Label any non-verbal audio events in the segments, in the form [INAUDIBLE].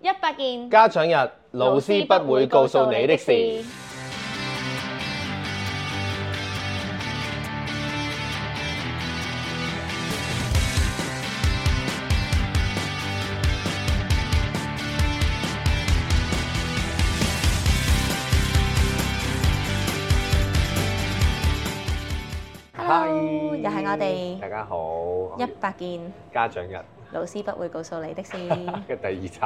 一百件家長日，老師不會告訴你的事。件大家好，一百件家長日，老師不會告訴你的事嘅第二集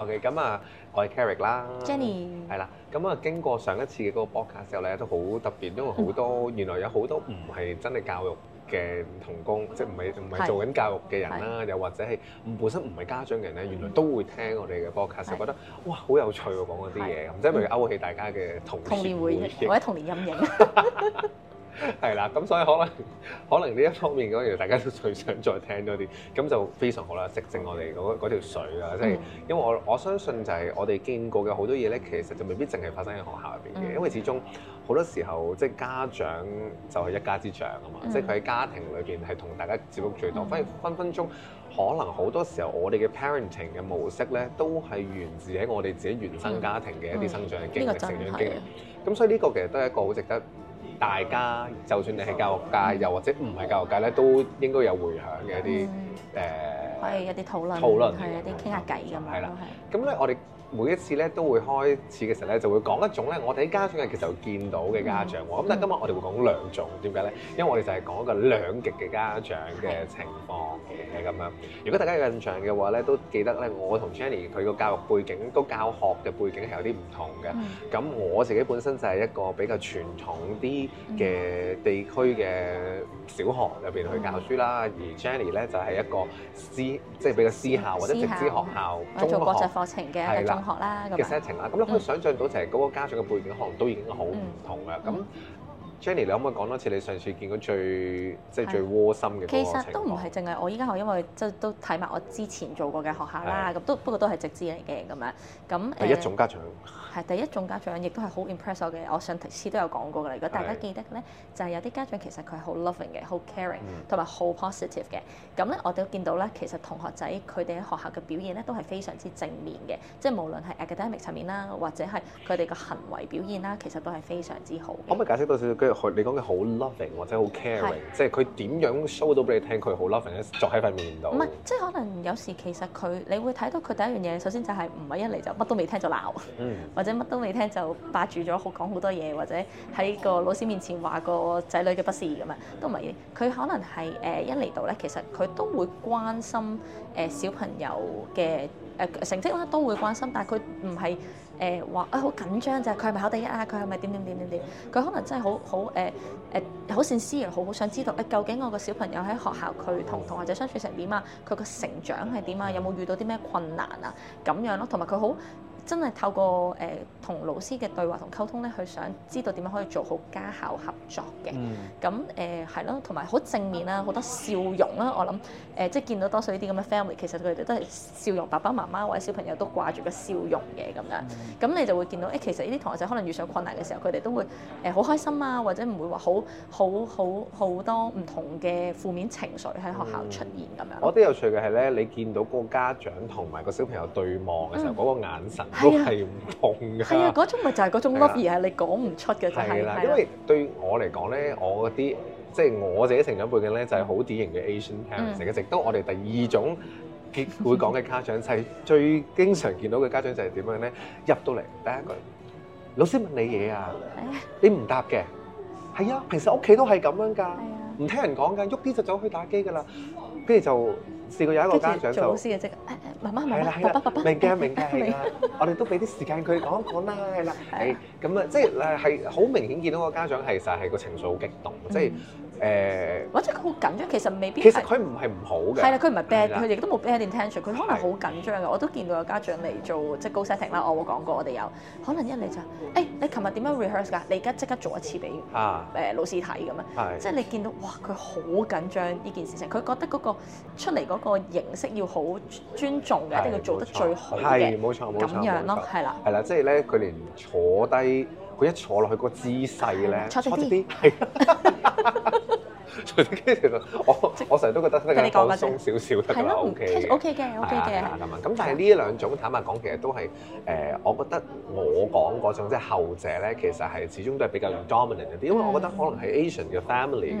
，OK，咁啊，我係 Keric 啦，Jenny，係啦。咁啊，經過上一次嘅嗰個播卡之後咧，都好特別，因為好多原來有好多唔係真係教育嘅唔同工，即係唔係唔係做緊教育嘅人啦，又或者係唔本身唔係家長嘅人咧，原來都會聽我哋嘅播卡，就覺得哇，好有趣喎，講嗰啲嘢，咁即係咪勾起大家嘅童年回憶或者童年陰影？係啦，咁所以可能可能呢一方面嗰大家都最想再聽多啲，咁就非常好啦，食正我哋嗰條水啊，即係、嗯就是、因為我我相信就係我哋見過嘅好多嘢咧，其實就未必淨係發生喺學校入邊嘅，嗯、因為始終好多時候即係、就是、家長就係一家之長啊嘛，即係佢喺家庭裏邊係同大家接觸最多，嗯、反而分分鐘可能好多時候我哋嘅 parenting 嘅模式咧，都係源自喺我哋自己原生家庭嘅一啲生長經歷、嗯嗯、成長經歷，咁、嗯、所以呢個其實都係一個好值得。大家就算你係教，教育界，又或者唔係教育界咧，都應該有迴響嘅一啲誒，嗯呃、可以一啲討論，討論係一啲傾下偈咁樣。係啦，係。咁咧，我哋。每一次咧都會開始嘅時候咧，就會講一種咧，我哋喺家長嘅其實見到嘅家長喎。咁但係今日我哋會講兩種，點解咧？因為我哋就係講一個兩極嘅家長嘅情況嘅咁樣。如果大家有印象嘅話咧，都記得咧，我同 Jenny 佢個教育背景，個教學嘅背景係有啲唔同嘅。咁我自己本身就係一個比較傳統啲嘅地區嘅小學入邊去教書啦，而 Jenny 咧就係一個私即係比較私校或者直資學校做國際課程嘅。係啦。學啦咁嘅 setting 啦，咁你可以想象到其實嗰個家長嘅背景，可能都已經好唔同啦。咁、嗯。Jenny，你可唔可以講多次你上次見過最的即係最窩心嘅？其實都唔係淨係我依家，我因為即係都睇埋我之前做過嘅學校啦。咁的都不過都係直資嚟嘅咁樣。咁第一種家長係第一種家長，亦都係好 impress 我嘅。我上次都有講過㗎。如果大家記得咧，的就係有啲家長其實佢係好 loving 嘅，好 caring 同埋好 positive 嘅。咁咧、嗯、我哋都見到咧，其實同學仔佢哋喺學校嘅表現咧都係非常之正面嘅，即係無論係 academic 層面啦，或者係佢哋嘅行為表現啦，其實都係非常之好。可唔 [MUSIC] 可以解釋多少佢你講嘅好 loving 或者好 caring，是即係佢點樣 show 到俾你聽，佢好 loving 咧，作喺塊面度。唔係，即係可能有時其實佢你會睇到佢第一樣嘢，首先就係唔係一嚟就乜都未聽就鬧，嗯、或者乜都未聽就霸住咗，好講好多嘢，或者喺個老師面前話個仔女嘅不，不是。宜咁啊，都唔係。佢可能係誒、呃、一嚟到咧，其實佢都會關心誒、呃、小朋友嘅誒、呃、成績啦，都會關心，但係佢唔係。誒話啊，好緊張就係佢係咪考第一啊？佢係咪點點點點點？佢可能真係好好誒誒好善思嘅，好好、呃、想知道誒究竟我個小朋友喺學校佢同同學仔相處成點啊？佢個成長係點啊？有冇遇到啲咩困難啊？咁樣咯，同埋佢好，真係透過誒同、呃、老師嘅對話同溝通咧，去想知道點樣可以做好家校合作嘅。咁誒係咯，同埋好正面啦，好多笑容啦。我諗誒、呃、即係見到多數呢啲咁嘅 family，其實佢哋都係笑容。爸爸媽媽或者小朋友都掛住個笑容嘅咁樣。咁你就會見到誒、呃，其實呢啲同學仔可能遇上困難嘅時候，佢哋都會誒好開心啊，或者唔會話好好好好多唔同嘅負面情緒喺學校出現咁樣。我覺得有趣嘅係咧，你見到個家長同埋個小朋友對望嘅時候，嗰、嗯、個眼神。係啊，係唔同嘅。係啊，嗰種咪就係嗰種落嘢，而係、啊、你講唔出嘅。係啦，因為對我嚟講咧，我啲即係我自己成長背景咧、嗯，就係好典型嘅 Asian parents 嘅。直到我哋第二種會講嘅家長，係 [LAUGHS] 最經常見到嘅家長就係點樣咧？入到嚟第一句，老師問你嘢啊， [LAUGHS] 你唔答嘅。係啊，平時屋企都係咁樣㗎，唔 [LAUGHS] 聽人講㗎，喐啲就走去打機㗎啦，跟住就。試過有一個家長就老師嘅啫，誒誒，媽媽媽媽爸爸爸爸明嘅明嘅、 [LAUGHS] 啊，我哋都俾啲時間佢講講啦，係啦，誒咁啊，即係誒係好明顯見到個家長係實係個情緒好激動，即係。嗯誒或者佢好緊張，其實未必。其實佢唔係唔好嘅。係啦，佢唔係 bad，佢亦都冇 bad intention。佢可能好緊張嘅。我都見到有家長嚟做即係高 setting 啦。我會講過，我哋有可能一嚟就誒，你琴日點樣 rehearse 噶？你而家即刻做一次俾誒老師睇咁啊！即係你見到哇，佢好緊張呢件事情，佢覺得嗰個出嚟嗰個形式要好尊重嘅，一定要做得最好係，冇錯冇錯咁樣咯，係啦，係啦，即係咧，佢連坐低。佢一坐落去個姿勢咧、嗯，坐直啲，係，坐直啲， [LAUGHS] 跟住我，我成日都覺得，你講緊講鬆少少得啦，OK，OK 嘅，OK 嘅。咁啊是，咁但係呢兩種，坦白講，嗯、其實都係誒、呃，我覺得我講嗰種即係後者咧，其實係始終都係比較 dominant 一啲，因為我覺得可能係 Asian 嘅 family，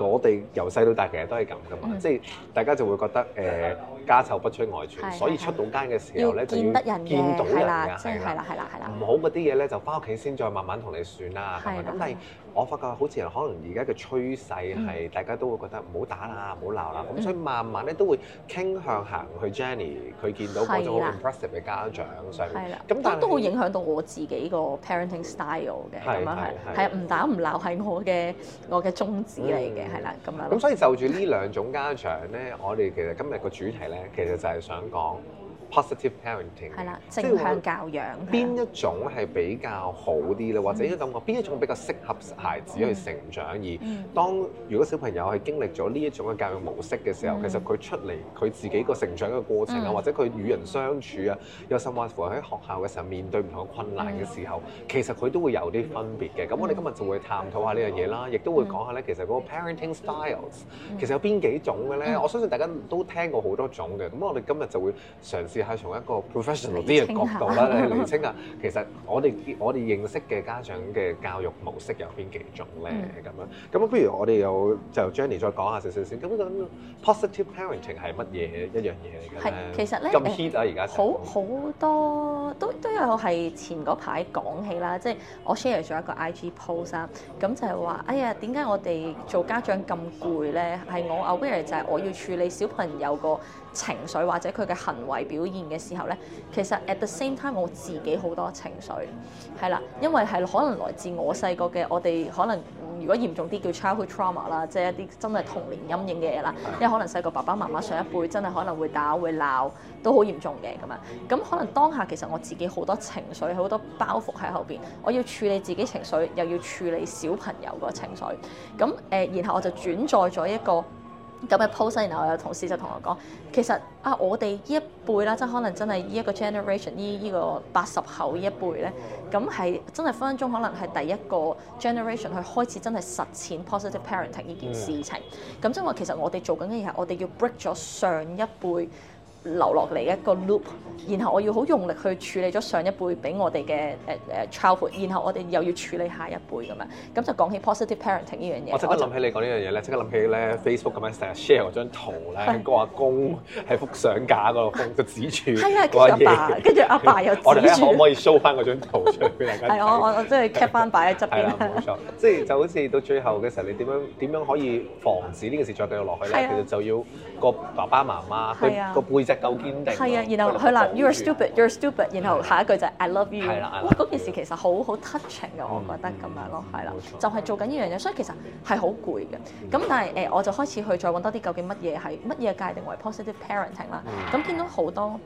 我哋由細到大其實都係咁噶嘛，即、就、係、是、大家就會覺得誒。呃家醜不出外傳，所以出到街嘅時候咧就要見得人多啦，係啦，係啦，係啦，唔好啲嘢咧就翻屋企先，再慢慢同你算啦，係咪？咁但係我發覺好似可能而家嘅趨勢係大家都會覺得唔好打啦，唔好鬧啦。咁所以慢慢咧都會傾向行去 Jenny，佢見到嗰種 impressive 嘅家長上面，係啦，咁都都好影響到我自己個 parenting style 嘅，係，係，係，係啊，唔打唔鬧係我嘅我嘅宗旨嚟嘅，係啦，咁樣，咁所以就住呢兩種家長咧，我哋其實今日個主題咧。其實就係想講。positive parenting 係啦，正向教養邊一種係比較好啲咧？嗯、或者應該噉講邊一種比較適合孩子去成長。嗯、而當如果小朋友係經歷咗呢一種嘅教育模式嘅時候，嗯、其實佢出嚟佢自己個成長嘅過程啊，嗯、或者佢與人相處啊，又甚至乎喺學校嘅時候面對唔同嘅困難嘅時候，嗯、其實佢都會有啲分別嘅。咁、嗯、我哋今日就會探討下呢樣嘢啦，亦都會講下咧，其實個 parenting styles 其實有邊幾種嘅咧？嗯、我相信大家都聽過好多種嘅。咁我哋今日就會嘗試。試下從一個 professional 啲嘅角度啦，嚟嚟清啊，其實我哋我哋認識嘅家長嘅教育模式有邊幾種咧？咁樣咁啊，不如我哋有就 Jenny 再講下少少先。咁個 positive parenting 係乜嘢一樣嘢嚟嘅咧？係其實咧，咁 hit 啊，而家好好多都都有係前嗰排講起啦，即係我 share 咗一個 IG post 啊，咁就係話哎呀點解我哋做家長咁攰咧？係我嘔嗰日就係我要處理小朋友個。情緒或者佢嘅行為表現嘅時候呢，其實 at the same time 我自己好多情緒，係啦，因為係可能來自我細個嘅，我哋可能如果嚴重啲叫 childhood trauma 啦，即係一啲真係童年陰影嘅嘢啦，因為可能細個爸爸媽媽上一輩真係可能會打會鬧，都好嚴重嘅咁樣，咁可能當下其實我自己好多情緒，好多包袱喺後邊，我要處理自己情緒，又要處理小朋友個情緒，咁誒、呃，然後我就轉載咗一個。咁嘅 post，然後我有同事就同我講，其實啊，我哋呢一輩啦，即係可能真係呢一個 generation，呢個八十後呢一輩咧，咁係真係分分鐘可能係第一個 generation 去開始真係實踐 positive parenting 呢件事情。咁即係話，其實我哋做緊嘅嘢，係我哋要 break 咗上一輩。留落嚟一個 loop，然後我要好用力去處理咗上一輩俾我哋嘅誒誒 childhood，然後我哋又要處理下一輩咁樣，咁就講起 positive parenting 呢樣嘢。我即刻諗起你講呢樣嘢咧，即刻諗起咧 Facebook 咁樣成日 share 嗰張圖咧，個阿公係幅相架嗰個指住，係啊，跟住阿爸，跟住阿爸又指住，我哋可唔可以 show 翻嗰張圖出嚟俾大家？係我我我即係 kept 翻擺喺側邊。冇錯，即係就好似到最後嘅時候，你點樣點樣可以防止呢件事再繼續落去咧？其實就要個爸爸媽媽佢個背脊。夠堅定係啊，然後佢鬧 You are stupid, you are stupid，然後下一句就係 I love you。係啦，嗰件、哦那個、事其實好好 touching 嘅，嗯、我覺得咁樣咯，係啦，就係做緊依樣嘢，所以其實係好攰嘅。咁、嗯、但係誒、呃，我就開始去再揾多啲究竟乜嘢係乜嘢界定為 positive parenting、嗯、啦。咁見、嗯、到好多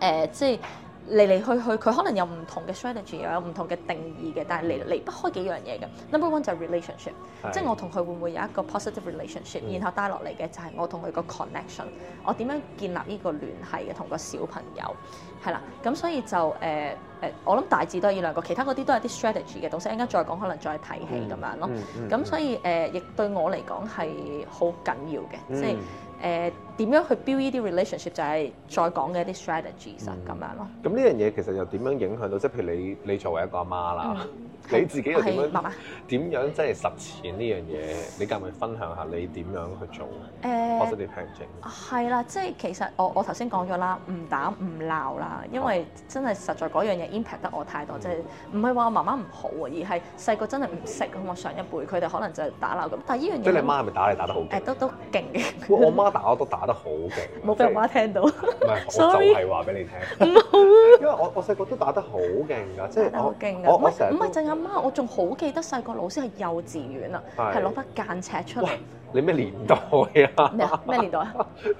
誒，即、呃、係。嚟嚟去去，佢可能有唔同嘅 strategy，又有唔同嘅定義嘅，但係離離，離不開幾樣嘢嘅。Number one 就係 relationship，的即係我同佢會唔會有一個 positive relationship，、嗯、然後帶落嚟嘅就係我同佢個 connection，、嗯、我點樣建立呢個聯繫嘅同個小朋友，係啦。咁所以就誒誒、呃，我諗大致都係呢兩個，其他嗰啲都係啲 strategy 嘅東西，一陣間再講可能再提起咁樣咯。咁、嗯、所以誒、呃、亦對我嚟講係好緊要嘅，即係、嗯。嗯誒點、呃、樣去 build 呢啲 relationship 就係再講嘅一啲 strategies 啊咁、嗯、樣咯。咁呢樣嘢其實又點樣影響到？即係譬如你你作為一個阿媽啦。嗯你自己又點樣點樣即係實踐呢樣嘢？你咁咪分享下你點樣去做誒 positive parenting？係啦，即係其實我我頭先講咗啦，唔打唔鬧啦，因為真係實在嗰樣嘢 impact 得我太多，即係唔係話我媽媽唔好啊，而係細個真係唔識咁，我上一輩佢哋可能就打鬧咁，但係呢樣嘢即係你媽係咪打你打得好勁？誒都都勁嘅，我媽打我都打得好勁，冇俾我媽聽到。唔係，我就係話俾你聽，因為我我細個都打得好勁㗎，即係我我我成日唔係正啊！我仲好記得細個老師係幼稚園啦，係攞把間尺出嚟。你咩年代啊？咩咩年代啊？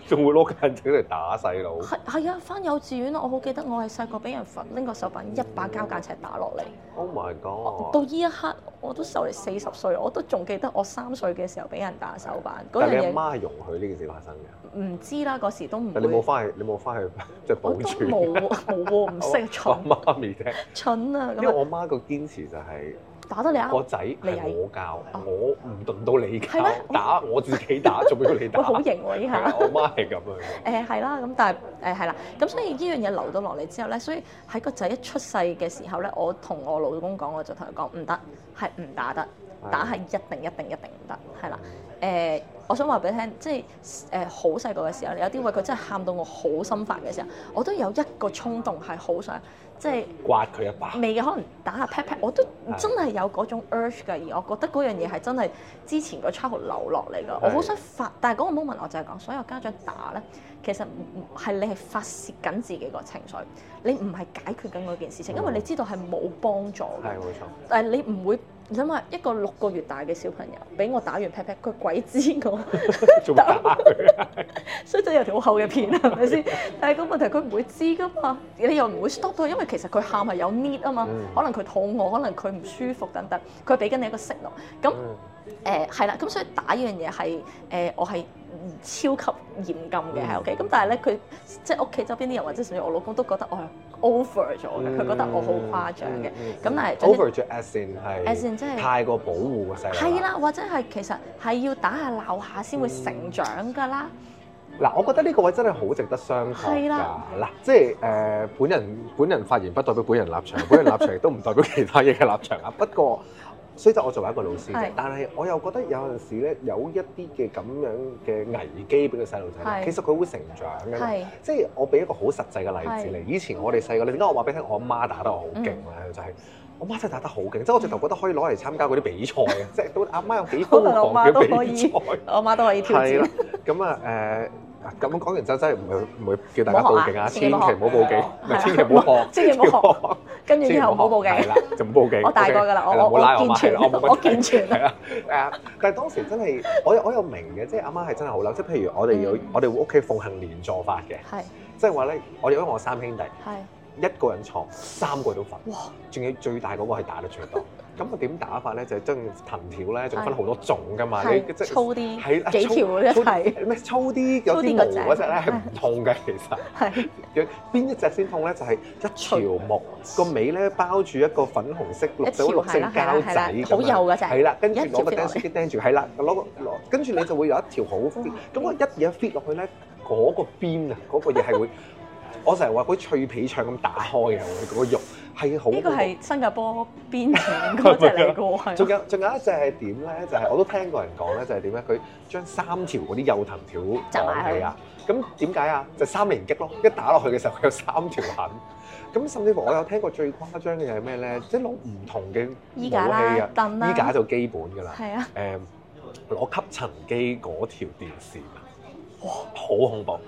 仲 [LAUGHS] 會攞間尺嚟打細路？係係啊！翻幼稚園我好記得我係細個俾人罰拎個手板，一把膠架尺打落嚟、嗯。Oh my god！我到呢一刻我都就嚟四十歲，我都仲記得我三歲嘅時候俾人打手板嗰樣嘢。你阿媽，媽容許呢件事發生嘅？唔知啦，嗰時都唔。你冇翻去？你冇翻去即係保存？冇冇喎，唔識藏。 [LAUGHS] 蠢媽咪聽。蠢啊！因為我媽個堅持就係、是。打得你阿個仔，係我，我教，是我唔唔到你教，嗎打我自己打，仲俾你打，好型喎！依下，我媽係咁樣。誒係、 [LAUGHS] 嗯、啦，咁但係誒係啦，咁所以呢樣嘢留到落嚟之後咧，所以喺個仔一出世嘅時候咧，我同我老公講，我就同佢講唔得，係唔打得，打係一定一定一定唔得，係啦。誒、嗯嗯欸，我想話俾你聽，即係誒好細個嘅時候，有啲位佢真係喊到我好心煩嘅時候，我都有一個衝動係好想。即係刮佢一把，未可能打下 pat pat，我都真係有嗰種 urge 㗎，而我覺得嗰樣嘢係真係之前個 child 流落嚟㗎，的我好想發，但係嗰個 moment 我就係講所有家長打咧，其實係你係發泄緊自己個情緒，你唔係解決緊嗰件事情，因為你知道係冇幫助嘅，係冇錯，但係你唔會。諗下一個六個月大嘅小朋友，俾我打完 pat pat，佢鬼知我，所以就有條好厚嘅片，係咪先？但係個問題佢唔會知噶嘛，你又唔會 stop 到，因為其實佢喊係有 need 啊嘛，可能佢肚餓，可能佢唔舒服等等，佢俾緊你一個 signal。咁誒係啦，咁、呃、所以打依樣嘢係誒我係。超級嚴禁嘅，喺屋企，咁但係咧，佢即係屋企周邊啲人或者甚至我老公都覺得我係 over 咗嘅，佢覺得我好誇張嘅。咁但係 over 咗，as in 係 as in 即係太過保護細路。係啦，或者係其實係要打下鬧下先會成長噶啦。嗱，我覺得呢個位真係好值得商榷㗎。嗱，即係誒，本人本人發言不代表本人立場，本人立場亦都唔代表其他嘢嘅立場啊。不過。所以我作為一個老師，是但係我又覺得有陣時咧，有一啲嘅咁樣嘅危機俾個細路仔。是其實佢會成長嘅，是即係我俾一個好實際嘅例子嚟。以前我哋細個，你點解我話俾你聽，我阿媽打得好勁咧？嗯、就係我媽真係打得好勁，即係我直頭覺得可以攞嚟參加嗰啲比賽嘅。即係、 [LAUGHS] 就係、到阿媽，媽有幾高，強嘅比賽 [LAUGHS] 我，我媽都可以係咯。咁啊誒。啊，咁樣講完真真係唔會唔會叫大家報警啊！千祈唔好報警，千祈唔好學，千祈唔好學，跟住之後唔好報警。就唔報警，我大個噶啦，我我我健全，我健全。係啊，但係當時真係，我我又明嘅，即係阿媽係真係好嬲。即係譬如我哋要，我哋屋企奉行連坐法嘅，即係話咧，我哋因為我三兄弟，一個人錯，三個都罰，仲要最大嗰個係打得最多。咁佢點打法咧？就係將藤條咧，仲分好多種噶嘛。你即係粗啲，幾條嗰隻？係咩粗啲？有啲毛嗰隻咧係唔痛嘅，其實。係。邊一隻先痛咧？就係一條毛，個尾咧包住一個粉紅色、綠色、綠色膠仔好幼嗰隻。係啦，跟住攞個釘書機釘住。係啦，攞個攞，跟住你就會有一條好闊。咁我一嘢 fit 落去咧，嗰個邊啊，嗰個嘢係會，我成日話嗰脆皮腸咁打開嘅嗰個肉。係好，呢個係新加坡邊傳嗰隻嚟噶喎？仲 [LAUGHS] 是、啊、有仲有一隻係點咧？就係、是、我都聽過人講咧，就係點咧？佢將三條嗰啲幼藤條攜嚟啊！咁點解啊？就是、三連擊咯！一打落去嘅時候佢有三條痕。咁甚至乎我有聽過最誇張嘅就係咩咧？即係攞唔同嘅武器衣架啦啊！凳啦，衣架就基本噶啦。係啊。誒、嗯，攞吸塵機嗰條電線，哇！好恐怖。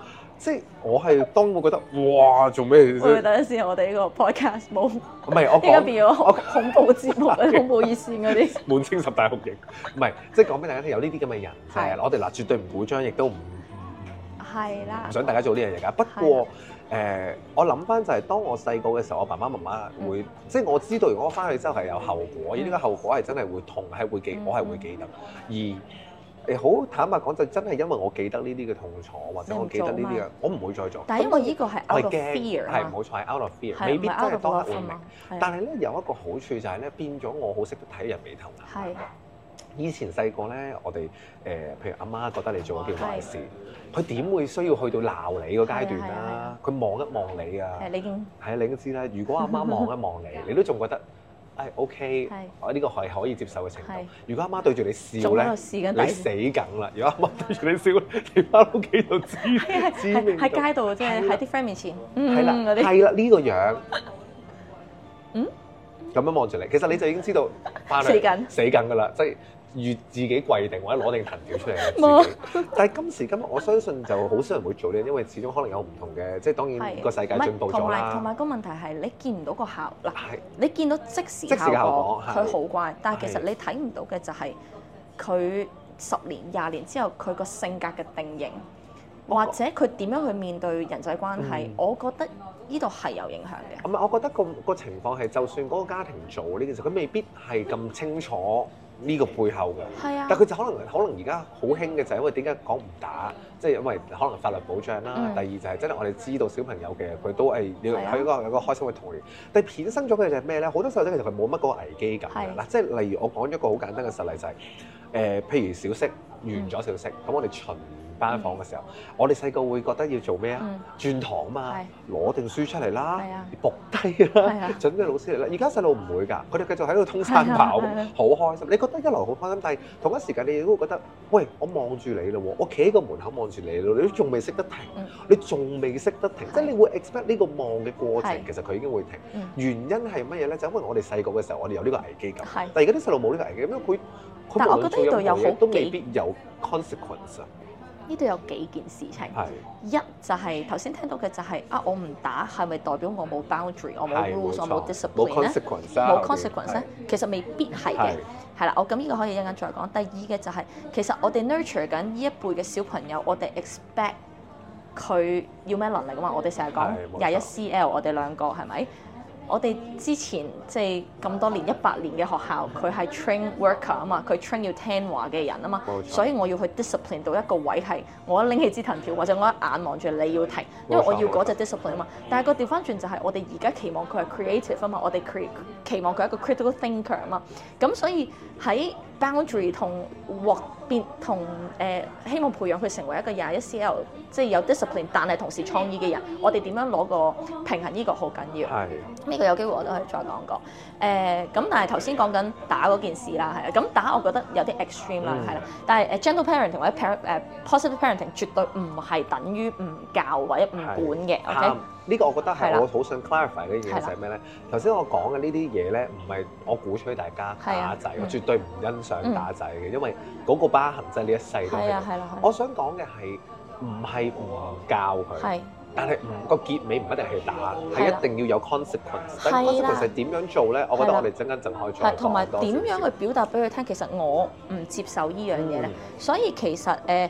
即係我係當我覺得哇做咩？我哋第一時，我哋呢個 podcast 冇，唔係我依家變咗恐怖節目，恐怖熱線嗰啲。滿清十大酷刑，唔係即係講俾大家聽，有呢啲咁嘅人係，我哋嗱絕對唔會將，亦都唔係啦，唔想大家做呢樣嘢噶。不過誒，我諗翻就係當我細個嘅時候，我爸爸媽媽會即係我知道，如果我翻去之後係有後果，而呢個後果係真係會痛，係會記，我係會記得而。誒好坦白講，就真係因為我記得呢啲嘅痛楚，或者我記得呢啲嘅，我唔會再做。但係因為呢個係 out of fear 係唔好彩，out of fear、啊、未必當刻會明。但係咧有一個好處就係咧，變咗我好識得睇人眉頭啊！係。以前細個咧，我哋誒譬如阿媽覺得你做咗啲壞事，佢點會需要去到鬧你個階段啊？佢望的一望你啊！係你已經係啊！你都知啦，如果阿媽望一望你，你都仲覺得。係 OK，我呢個係可以接受嘅程度。如果阿媽對住你笑咧，你死梗啦！如果阿媽對住你笑，你翻屋企度知喺街度即係，喺啲 friend 面前，係啦，啲係啦呢個樣，嗯，咁樣望住你，其實你就已經知道死梗死梗噶啦，即係。越自己跪定或者攞定藤條出嚟自 [LAUGHS] 但係今時今日，我相信就好少人會做呢，因為始終可能有唔同嘅，即係當然個世界進步咗啦。同埋同埋個問題係你見唔到個效嗱，是你見到即時效果佢好乖，但係其實你睇唔到嘅就係、是、佢是十年、廿年之後佢個性格嘅定型，或者佢點樣去面對人際關係，我，我覺得呢度係有影響嘅。唔係、嗯，我覺得個個情況係，就算嗰個家庭做呢件事，佢未必係咁清楚。呢個背後嘅，啊、但係佢就可能可能而家好興嘅就係因為點解講唔打，即、就、係、是、因為可能法律保障啦。嗯、第二就係真係我哋知道小朋友嘅佢都係要有一個、啊、有個有個開心嘅童年，但係衍生咗佢就係咩咧？好多細路仔其實佢冇乜嗰個危機感啦是、啊。即係例如我講一個好簡單嘅實例就係、是、誒、呃，譬如小息完咗小息，咁、嗯、我哋巡班房嘅時候，我哋細個會覺得要做咩啊？轉堂啊嘛，攞定書出嚟啦，你伏低啦，準備老師嚟啦。而家細路唔會㗎，佢哋繼續喺度通山跑，好開心。你覺得一流好開心，但係同一時間你亦都會覺得，喂，我望住你咯喎，我企喺個門口望住你咯，你仲未識得停，你仲未識得停，即係你會 expect 呢個望嘅過程，其實佢已經會停。原因係乜嘢咧？就因為我哋細個嘅時候，我哋有呢個危機感，但係而家啲細路冇呢個危機感，佢佢唔會有。但係我覺得都未必有 consequence。呢度有幾件事情，是一就係頭先聽到嘅就係、是、啊，我唔打係咪代表我冇 boundary，我冇 rules，我冇 discipline 咧？冇 consequence 咧？是其實未必係嘅，係啦是，我咁呢個可以一陣再講。第二嘅就係、是、其實我哋 nurture 緊呢一輩嘅小朋友，我哋 expect 佢要咩能力啊嘛？我哋成日講廿一 CL，我哋兩個係咪？是我哋之前即係咁多年一百年嘅學校，佢係 train worker 啊嘛，佢 train 要聽話嘅人啊嘛，錯所以我要去 discipline 到一個位係我一拎起支藤條或者我一眼望住你要停，因為我要嗰隻 discipline 啊嘛。但係個調翻轉就係我哋而家期望佢係 creative 啊嘛，我哋 create 期望佢係一個 critical thinker 啊嘛，咁所以喺 boundary 同 work。變同誒，希望培養佢成為一個廿一 CL，即係有 discipline，但係同時創意嘅人。我哋點樣攞個平衡？呢個好緊要。係是。呢個有機會我都可以再講過。誒、呃、咁，但係頭先講緊打嗰件事啦，係啊。咁打我覺得有啲 extreme 啦、嗯，係啦。但係誒 gentle parenting 或者 parent 誒 positive parenting 絕對唔係等於唔教或者唔管嘅。是 Okay? 嗯呢個我覺得係我好想 clarify 嘅嘢就係咩咧？頭先我講嘅呢啲嘢咧，唔係我鼓吹大家打仔，我絕對唔欣賞打仔嘅，因為嗰個疤痕就係你一世都係。係啊，係啦。我想講嘅係唔係唔教佢？係。但係個結尾唔一定係打，係一定要有 consequence。係啦。consequence 點樣做咧？我覺得我哋陣間陣可以再講多啲。同埋點樣去表達俾佢聽？其實我唔接受呢樣嘢咧。所以其實誒。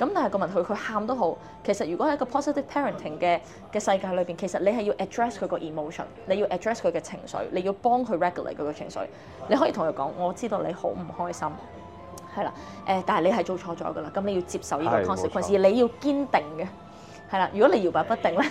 咁但係個問題，佢喊都好。其實如果喺一個 positive parenting 嘅嘅世界裏邊，其實你係要 address 佢個 emotion，你要 address 佢嘅情緒，你要幫佢 regulate 佢嘅情緒。你可以同佢講：我知道你好唔開心，係啦。誒、呃，但係你係做錯咗㗎啦。咁你要接受呢個 consequence，你要堅定嘅，係啦。如果你搖擺不定咧。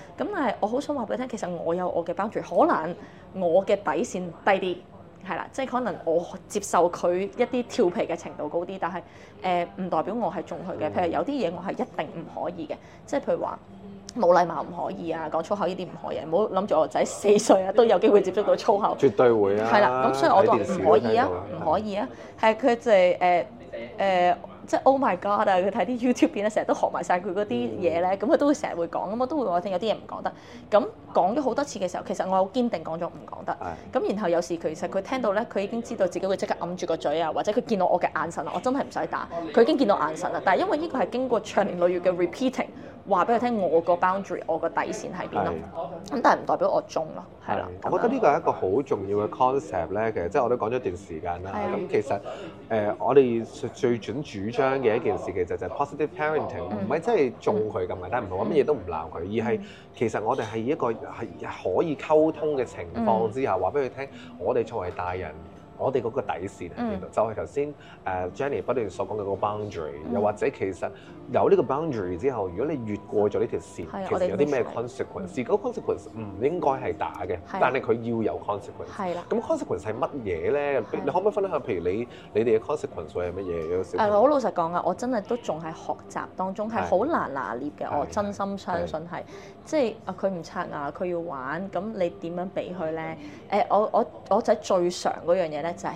咁但係我好想話俾你聽，其實我有我嘅 boundary，可能我嘅底線低啲，係啦，即係可能我接受佢一啲調皮嘅程度高啲，但係誒唔代表我係縱佢嘅。譬如有啲嘢我係一定唔可以嘅，即係譬如話冇禮貌唔可以啊，講粗口呢啲唔可以啊。唔好諗住我仔四歲啊，都有機會接觸到粗口，絕對會啊。係啦，咁所以我都唔可，可以啊，唔可以啊。係佢就係誒誒。呃呃即係 Oh my God 啊！佢睇啲 YouTube 片咧，成日都學埋晒佢嗰啲嘢咧，咁佢都會成日會講咁啊，都會話我聽有啲嘢唔講得。咁講咗好多次嘅時候，其實我好堅定講咗唔講得。咁然後有時其實佢聽到咧，佢已經知道自己會即刻揞住個嘴啊，或者佢見到我嘅眼神啦，我真係唔使打，佢已經見到眼神啦。但係因為呢個係經過長年累月嘅 repeating。話俾佢聽，我個 boundary，我個底線喺邊度？咁但係唔代表我縱咯，係啦。我覺得呢個係一個好重要嘅 concept 咧。其實即係我都講咗一段時間啦。咁其實誒，我哋最最準主張嘅一件事其實就係 positive parenting，唔係真係縱佢咁簡單，唔好乜嘢都唔鬧佢，而係其實我哋係一個係可以溝通嘅情況之下，話俾佢聽，我哋作為大人，我哋嗰個底線喺邊度？就係頭先誒 Jenny 不斷所講嘅個 boundary，又或者其實。有呢個 boundary 之後，如果你越過咗呢條線，對其實有啲咩 consequence？嗰個、嗯、consequence 唔、嗯、應該係打嘅，對但係佢要有 consequence 對。係啦，咁 consequence 係乜嘢咧？你可唔可以分享下？譬如你你哋嘅 consequence 係乜嘢？有時誒，我老實講啊，我真係都仲係學習當中，係好難拿捏嘅。對我真心相信係，即係啊，佢唔刷牙，佢要玩，咁你點樣俾佢咧？誒，我我我仔最常嗰樣嘢咧就係、是。就是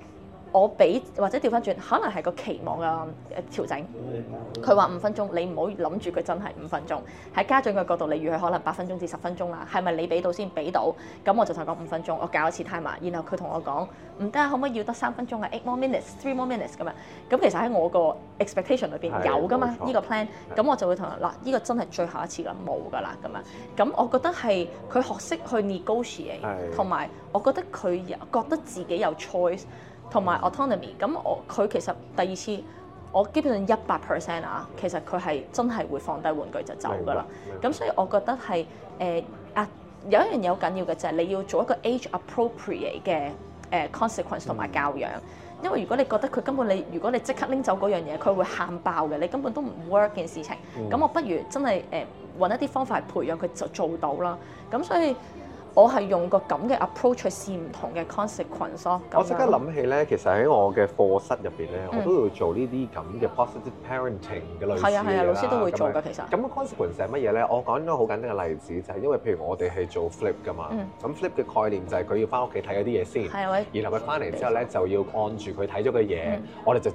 我俾或者調翻轉，可能係個期望嘅調整。佢話五分鐘，你唔好諗住佢真係五分鐘。喺家長嘅角度，你預佢可能八分鐘至十分鐘啦。係咪你俾到先俾到？咁我就同佢講五分鐘，我搞一次 time 啊。然後佢同我講唔得啊，可唔可以要得三分鐘嘅 eight more minutes, three more minutes 咁啊。咁其實喺我個 expectation 裏邊的有噶嘛呢錯個 plan。咁我就會同佢，嗱，呢個真係最後一次啦，冇噶啦咁啊。咁我覺得係佢學識去 negotiate，同埋的我覺得佢覺得自己有 choice。同埋 autonomy，咁我佢其實第二次，我基本上一百 percent 啊，其實佢係真係會放低玩具就走噶啦。咁所以我覺得係誒、呃、啊，有一樣嘢好緊要嘅就係你要做一個 age appropriate 嘅、呃、consequence 同埋教養。嗯、因為如果你覺得佢根本你，如果你即刻拎走嗰樣嘢，佢會喊爆嘅，你根本都唔 work 件事情。咁、嗯、我不如真係誒搵一啲方法係培養佢就做到啦。咁所以。我係用個咁嘅 approach 去試唔同嘅 consequence 咯。我即刻諗起咧，其實喺我嘅課室入邊咧，嗯、我都要做呢啲咁嘅 positive parenting 嘅、嗯、類似係啊係啊，老師都會做噶那其實。咁 consequence 係乜嘢咧？我講咗好簡單嘅例子，就係、是、因為譬如我哋係做 flip 噶嘛。嗯。咁 flip 嘅概念就係佢要翻屋企睇嗰啲嘢先。係啊喂。然後佢翻嚟之後咧，就要按住佢睇咗嘅嘢，嗯、我哋就。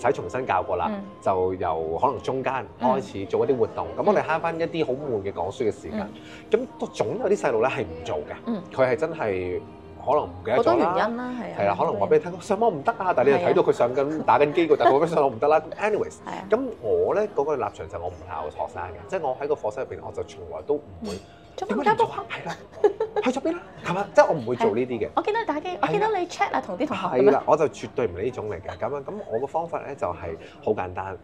唔使重新教過啦，就由可能中間開始做一啲活動。咁我哋慳翻一啲好悶嘅講書嘅時間。咁都總有啲細路咧係唔做嘅。佢係真係可能唔記得咗原因啦，係啊。係啦，可能話俾你聽，上網唔得啊。但係你又睇到佢上緊打緊機，但係我俾上網唔得啦。Anyways，咁我咧嗰個立場就我唔考學生嘅，即係我喺個課室入邊，我就從來都唔會做啦。去咗邊啦，係嘛？即係我唔會做呢啲嘅。我見到你打機，的我見到你 check 啊，同啲同學咁係啦，的樣我就絕對唔係呢種嚟嘅。咁樣咁，我個方法咧就係好簡單。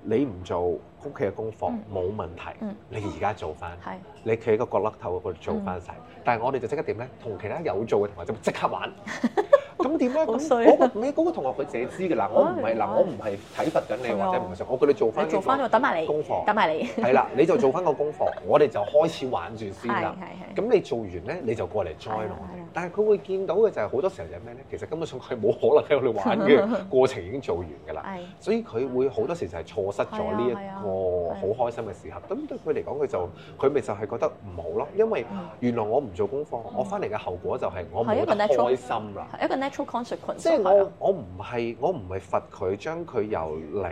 你唔做屋企嘅功課，冇問題，嗯嗯、你而家做翻。係的，你企喺個角落頭嗰度做翻晒。嗯、但係我哋就即刻點咧？同其他有做嘅同學就即刻玩。 [LAUGHS] 咁點咧？咁壞、嗰個你嗰、嗰個同學佢自己知㗎啦，我唔係嗱， [LAUGHS] 我唔係體罰緊你或者唔係我叫你做翻個，做個功課。做翻等埋你。等埋你。係啦，你就做翻個功課，我哋就開始玩住先啦。係係咁你做完咧，你就過嚟 join 咯。的但係佢會見到嘅就係好多時候有咩咧？其實根本上佢冇可能喺我哋玩嘅過程已經做完㗎啦。 [LAUGHS] 的所以佢會好多時就係錯失咗呢一個好開心嘅時刻。咁對佢嚟講，佢就佢咪就係覺得唔好咯？因為原來我唔做功課，我翻嚟嘅後果就係我冇得開心啦。係一個 natural consequence。即係我唔係我唔係罰佢將佢由零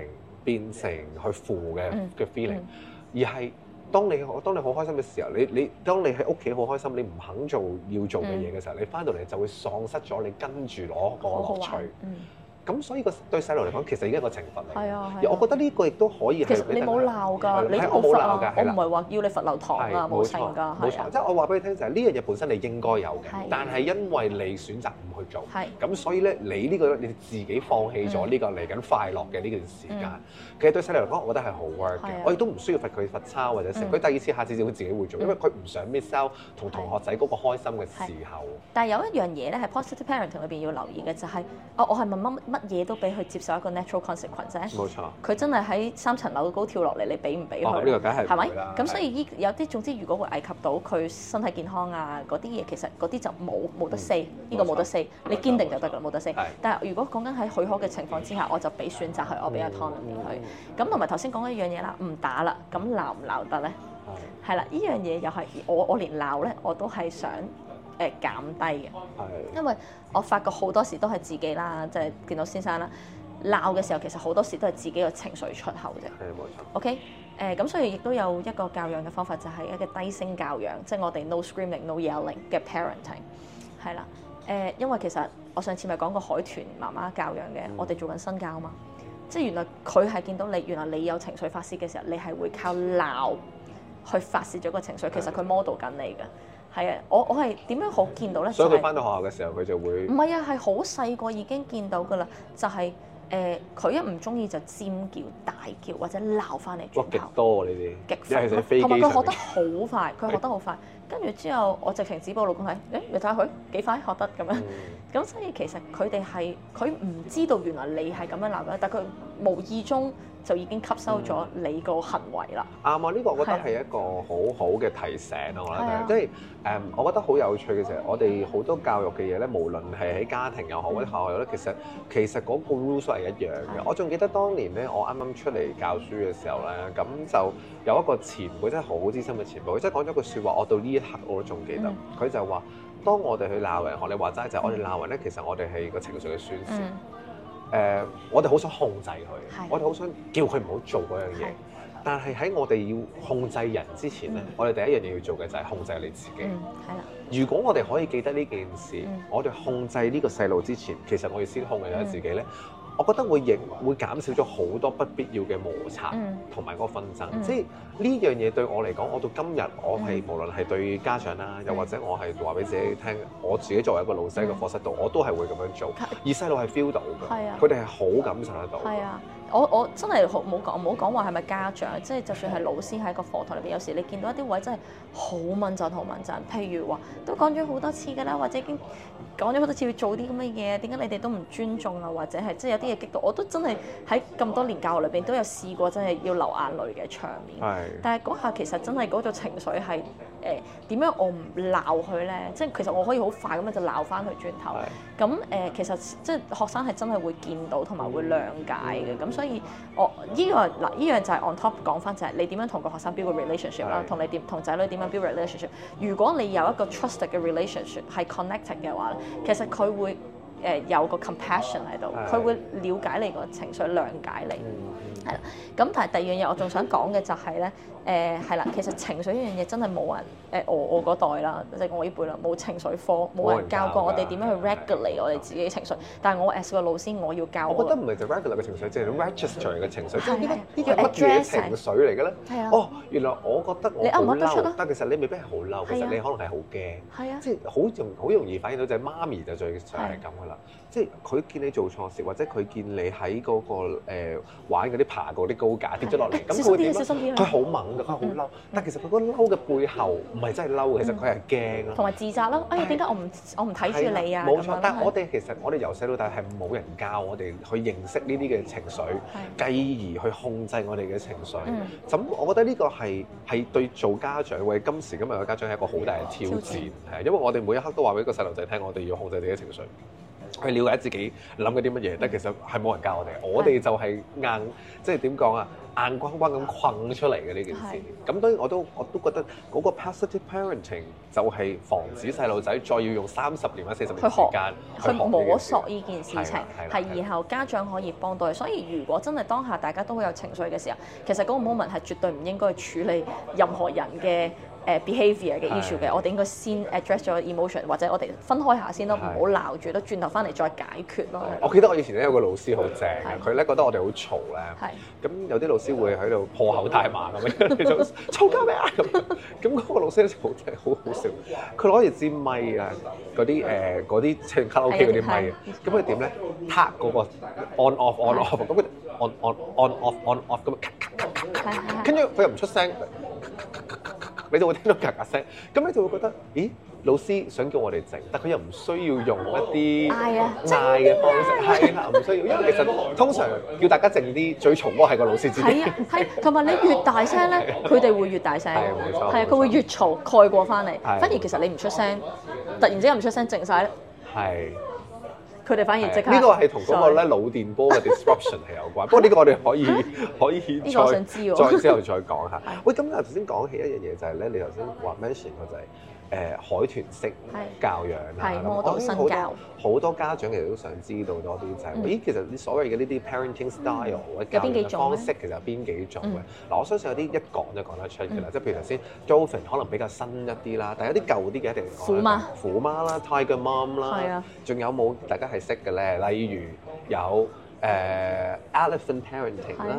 變成去負嘅嘅 feeling，而係。當你好，當你好開心嘅時候，你你當你喺屋企好開心，你唔肯做要做嘅嘢嘅時候，嗯、你返到嚟就會喪失咗你跟住攞嗰個樂趣。咁所以個對細路嚟講，其實已經係個懲罰嚟。係啊，我覺得呢個亦都可以係。其實你冇鬧㗎，你冇我冇鬧㗎，我唔係話要你罰留堂啊，冇剩㗎。冇錯，即係我話俾你聽就係呢樣嘢本身你應該有嘅，但係因為你選擇唔去做，咁所以咧你呢個你自己放棄咗呢個嚟緊快樂嘅呢段時間。其實對細路嚟講，我覺得係好 work 嘅。我亦都唔需要罰佢罰抄或者成。佢第二次下次就會自己會做，因為佢唔想 miss out 同同學仔嗰個開心嘅時候。但係有一樣嘢咧，係 positive parenting 裏邊要留意嘅就係，哦，我係問乜。乜嘢都俾佢接受一個 natural consequence 啫，冇錯錯。佢真係喺三層樓高跳落嚟，你俾唔俾佢？呢、哦呢個梗係係啦。咁所以呢的有啲，總之如果會危及到佢身體健康啊嗰啲嘢，其實嗰啲就冇冇得 say，呢沒得 個冇得 say。沒得你堅定就沒得噶啦，冇沒得 say。但係如果講緊喺許可嘅情況之下，我就俾選擇係我俾阿 Tom 嚟佢。咁同埋頭先講一樣嘢啦，唔打啦，咁鬧唔鬧得咧？係啦的，呢樣嘢又係我我，我連鬧咧我都係想。誒、呃、減低嘅，的因為我發覺好多時都係自己啦，即、就、係、是、見到先生啦，鬧嘅時候其實好多時都係自己嘅情緒出口啫。係冇錯。OK，誒、呃、咁所以亦都有一個教養嘅方法，就係、是、一個低聲教養，即係我哋 no screaming no yelling 嘅 parenting，係啦。誒、呃，因為其實我上次咪講過海豚媽媽教養嘅，嗯、我哋做緊身教嘛，即係原來佢係見到你，原來你有情緒發泄嘅時候，你係會靠鬧去發泄咗個情緒，其實佢 model 緊你嘅。係啊，我我係點樣好見到咧？就是、所以佢翻到學校嘅時候，佢就會唔係啊，係好細個已經見到噶啦，就係、是、誒，佢、呃、一唔中意就尖叫、大叫或者鬧返你。哇！極多啊，呢啲，極快，同埋佢學得好快，佢學得好快。跟住之後，我直情指俾我老公睇，誒、欸、你睇下佢幾快學得咁樣。咁、嗯、所以其實佢哋係佢唔知道原來你係咁樣鬧嘅，但佢無意中。就已經吸收咗你個行為啦。啱啊、嗯，呢、這個我覺得係一個好好嘅提醒啊！的我覺得，即係誒，我覺得好有趣嘅就係，我哋好多教育嘅嘢咧，無論係喺家庭又好，或者學校又好咧，其實其實嗰個 rules 係一樣嘅。的我仲記得當年咧，我啱啱出嚟教書嘅時候咧，咁就有一個前輩，真係好資深嘅前輩，佢真係講咗句説話，我到呢一刻我都仲記得。佢、嗯、就話：當我哋去鬧人學，你話齋就係我哋鬧人咧，其實我哋係個情緒嘅宣泄。嗯誒，uh, 我哋好想控制佢，的我哋好想叫佢唔好做嗰樣嘢。的但係喺我哋要控制人之前咧，嗯、我哋第一樣嘢要做嘅就係控制你自己。係啦、嗯，如果我哋可以記得呢件事，嗯、我哋控制呢個細路之前，其實我要先控制緊自己咧。嗯我覺得會影會減少咗好多不必要嘅摩擦同埋嗰個紛爭，嗯，即係呢樣嘢對我嚟講，我到今日我係、嗯、無論係對家長啦，又或者我係話俾自己聽，我自己作為一個老師喺個課室度，我都係會咁樣做，而細路係 feel 到嘅，佢哋係好感受得到。嗯嗯嗯嗯我我真係好冇講冇講話係咪家長，即係就算係老師喺個課堂入邊，有時你見到一啲位真係好掹震好掹震，譬如話都講咗好多次㗎啦，或者已經講咗好多次要做啲咁嘅嘢，點解你哋都唔尊重啊？或者係即係有啲嘢激到我都真係喺咁多年教學裏邊都有試過真係要流眼淚嘅場面，是但係嗰下其實真係嗰種情緒係。誒點樣我唔鬧佢咧？即係其實我可以好快咁樣就鬧翻佢轉頭。咁誒的、呃、其實即係學生係真係會見到同埋會諒解嘅。咁的所以我依、這個嗱依樣就係 on top 講翻就係你點樣同個學生 build relationship 啦的，同你點同仔女點樣 build relationship。的如果你有一個 trusted 嘅 relationship 係 connected 嘅話咧，其實佢會誒、呃、有個 compassion 喺度，佢的會了解你個情緒，諒解你。的係啦，咁但係第二樣嘢，就是，我仲想講嘅就係咧，誒係啦，其實情緒呢樣嘢真係冇人，誒我我嗰代啦，即、就、係、是、我呢輩啦，冇情緒科，冇人教過我哋點樣去 regulate 我哋、嗯、自己情緒。但係我 as 個老師，我要教我，我覺得唔係就 regulate 嘅情緒，即係 register 嘅情緒，嗯、即係呢啲乜嘢情緒嚟嘅咧？哦、嗯，原來我覺得我你我好嬲，但係其實你未必係好嬲，其實你可能係好驚，嗯、即係好容好容易反映到就係媽咪就最就係咁㗎啦。嗯即佢見你做錯事，或者佢見你喺嗰個呃玩嗰啲爬過啲高架跌咗落嚟，咁佢佢好猛噶，佢好嬲。但其實佢個嬲嘅背後唔係真係嬲，其實佢係驚啊，同埋自責咯。哎呀，點解我唔我唔睇住你啊？冇錯，但係我哋其實我哋由細到大係冇人教我哋去認識呢啲嘅情緒，繼而去控制我哋嘅情緒。咁我覺得呢個係係對做家長，或者今時今日嘅家長係一個好大嘅挑戰，係因為我哋每一刻都話俾個細路仔聽，我哋要控制自己嘅情緒。去了解自己諗緊啲乜嘢，但其實係冇人教我哋，的我哋就係硬，即係點講啊，硬邦邦咁困出嚟嘅呢件事。咁當然我都我都覺得嗰、嗰個 positive parenting 就係防止細路仔再要用三十年或者四十年嘅時間去，的去摸索呢件事情，係然後家長可以幫到佢。所以如果真係當下大家都好有情緒嘅時候，其實嗰個 moment 係絕對唔應該處理任何人嘅。誒 behaviour 嘅 issue 嘅，我哋應該先 address 咗 emotion，或者我哋分開下先咯，唔好鬧住咯，轉頭翻嚟再解決咯。我記得我以前咧有個老師好正嘅，佢咧覺得我哋好嘈咧，咁有啲老師會喺度破口大罵咁樣，嘈交咩啊咁？咁嗰個老師咧就好好好笑，佢攞住支咪啊，嗰啲誒嗰啲唱卡拉 OK 嗰啲咪啊，咁佢點咧？toggle 個 on off on off，咁佢 on on on off on off 咁樣，咔咔咔咔咔咔，跟住佢又唔出聲，咔咔咔咔咔。你就會聽到嘎嘎聲，咁你就會覺得，咦？老師想叫我哋靜，但佢又唔需要用一啲嗌啊嗌嘅方式，係啦，唔需要，因為其實通常叫大家靜啲最嘈嗰係個老師自己，係，同埋你越大聲咧，佢哋會越大聲，係啊，佢會越嘈蓋過翻嚟。反而其實你唔出聲，突然之間唔出聲靜晒咧，係。佢哋反而即刻呢個係同嗰個咧腦電波嘅 disruption 係有關， [LAUGHS] 不過呢個我哋可以可以再 [LAUGHS] 再之後再講下。喂，咁頭先講起一樣嘢就係咧，你頭先話 mention 個就係、是。誒海豚式教養啊，咁好多好多家長其實都想知道多啲就係，咦其實啲所謂嘅呢啲 parenting style 嘅教養方式其實邊幾種嘅？嗱我相信有啲一講就講得出嘅啦，即係譬如頭先 Dolphin 可能比較新一啲啦，但係有啲舊啲嘅一定講啦，虎媽啦，Tiger Mom 啦，仲有冇大家係識嘅咧？例如有誒 Elephant Parenting 啦。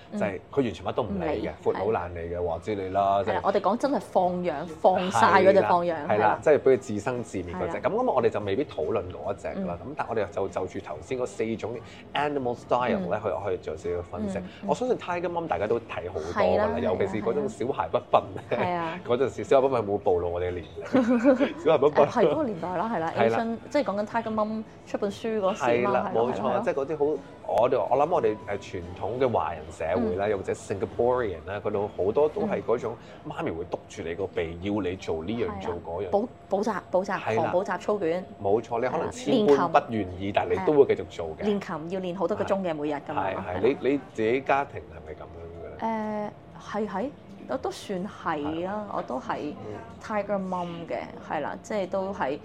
就係佢完全乜都唔理嘅，闊佬懶理嘅話之類啦。係啊，我哋講真係放養，放晒嗰隻放養。係啦，即係俾佢自生自滅嗰隻。咁咁我哋就未必討論嗰一隻啦。咁但係我哋就就住頭先嗰四種 animal style 咧，去去做少少分析。我相信 Tiger Mom 大家都睇好多啦，尤其是嗰種小孩不笨。係啊，嗰陣時小孩不笨冇暴露我哋嘅年齡。小孩不笨係嗰個年代啦，係啦，係啦，即係講緊 Tiger Mom 出本書嗰時啦。係啦，冇錯，即係嗰啲好。我哋我諗我哋誒傳統嘅華人社會啦，又或者 Singaporean 啦，佢度好多都係嗰種媽咪會督住你個鼻，要你做呢樣做嗰樣。補補習補習，學補習操卷。冇錯，你可能練琴、不願意，但係你都會繼續做嘅。練琴要練好多個鐘嘅每日㗎嘛。係、係，你你自己家庭係咪咁樣嘅咧？誒，係喺我都算係啊。我都係 Tiger Mum 嘅，係啦，即係都係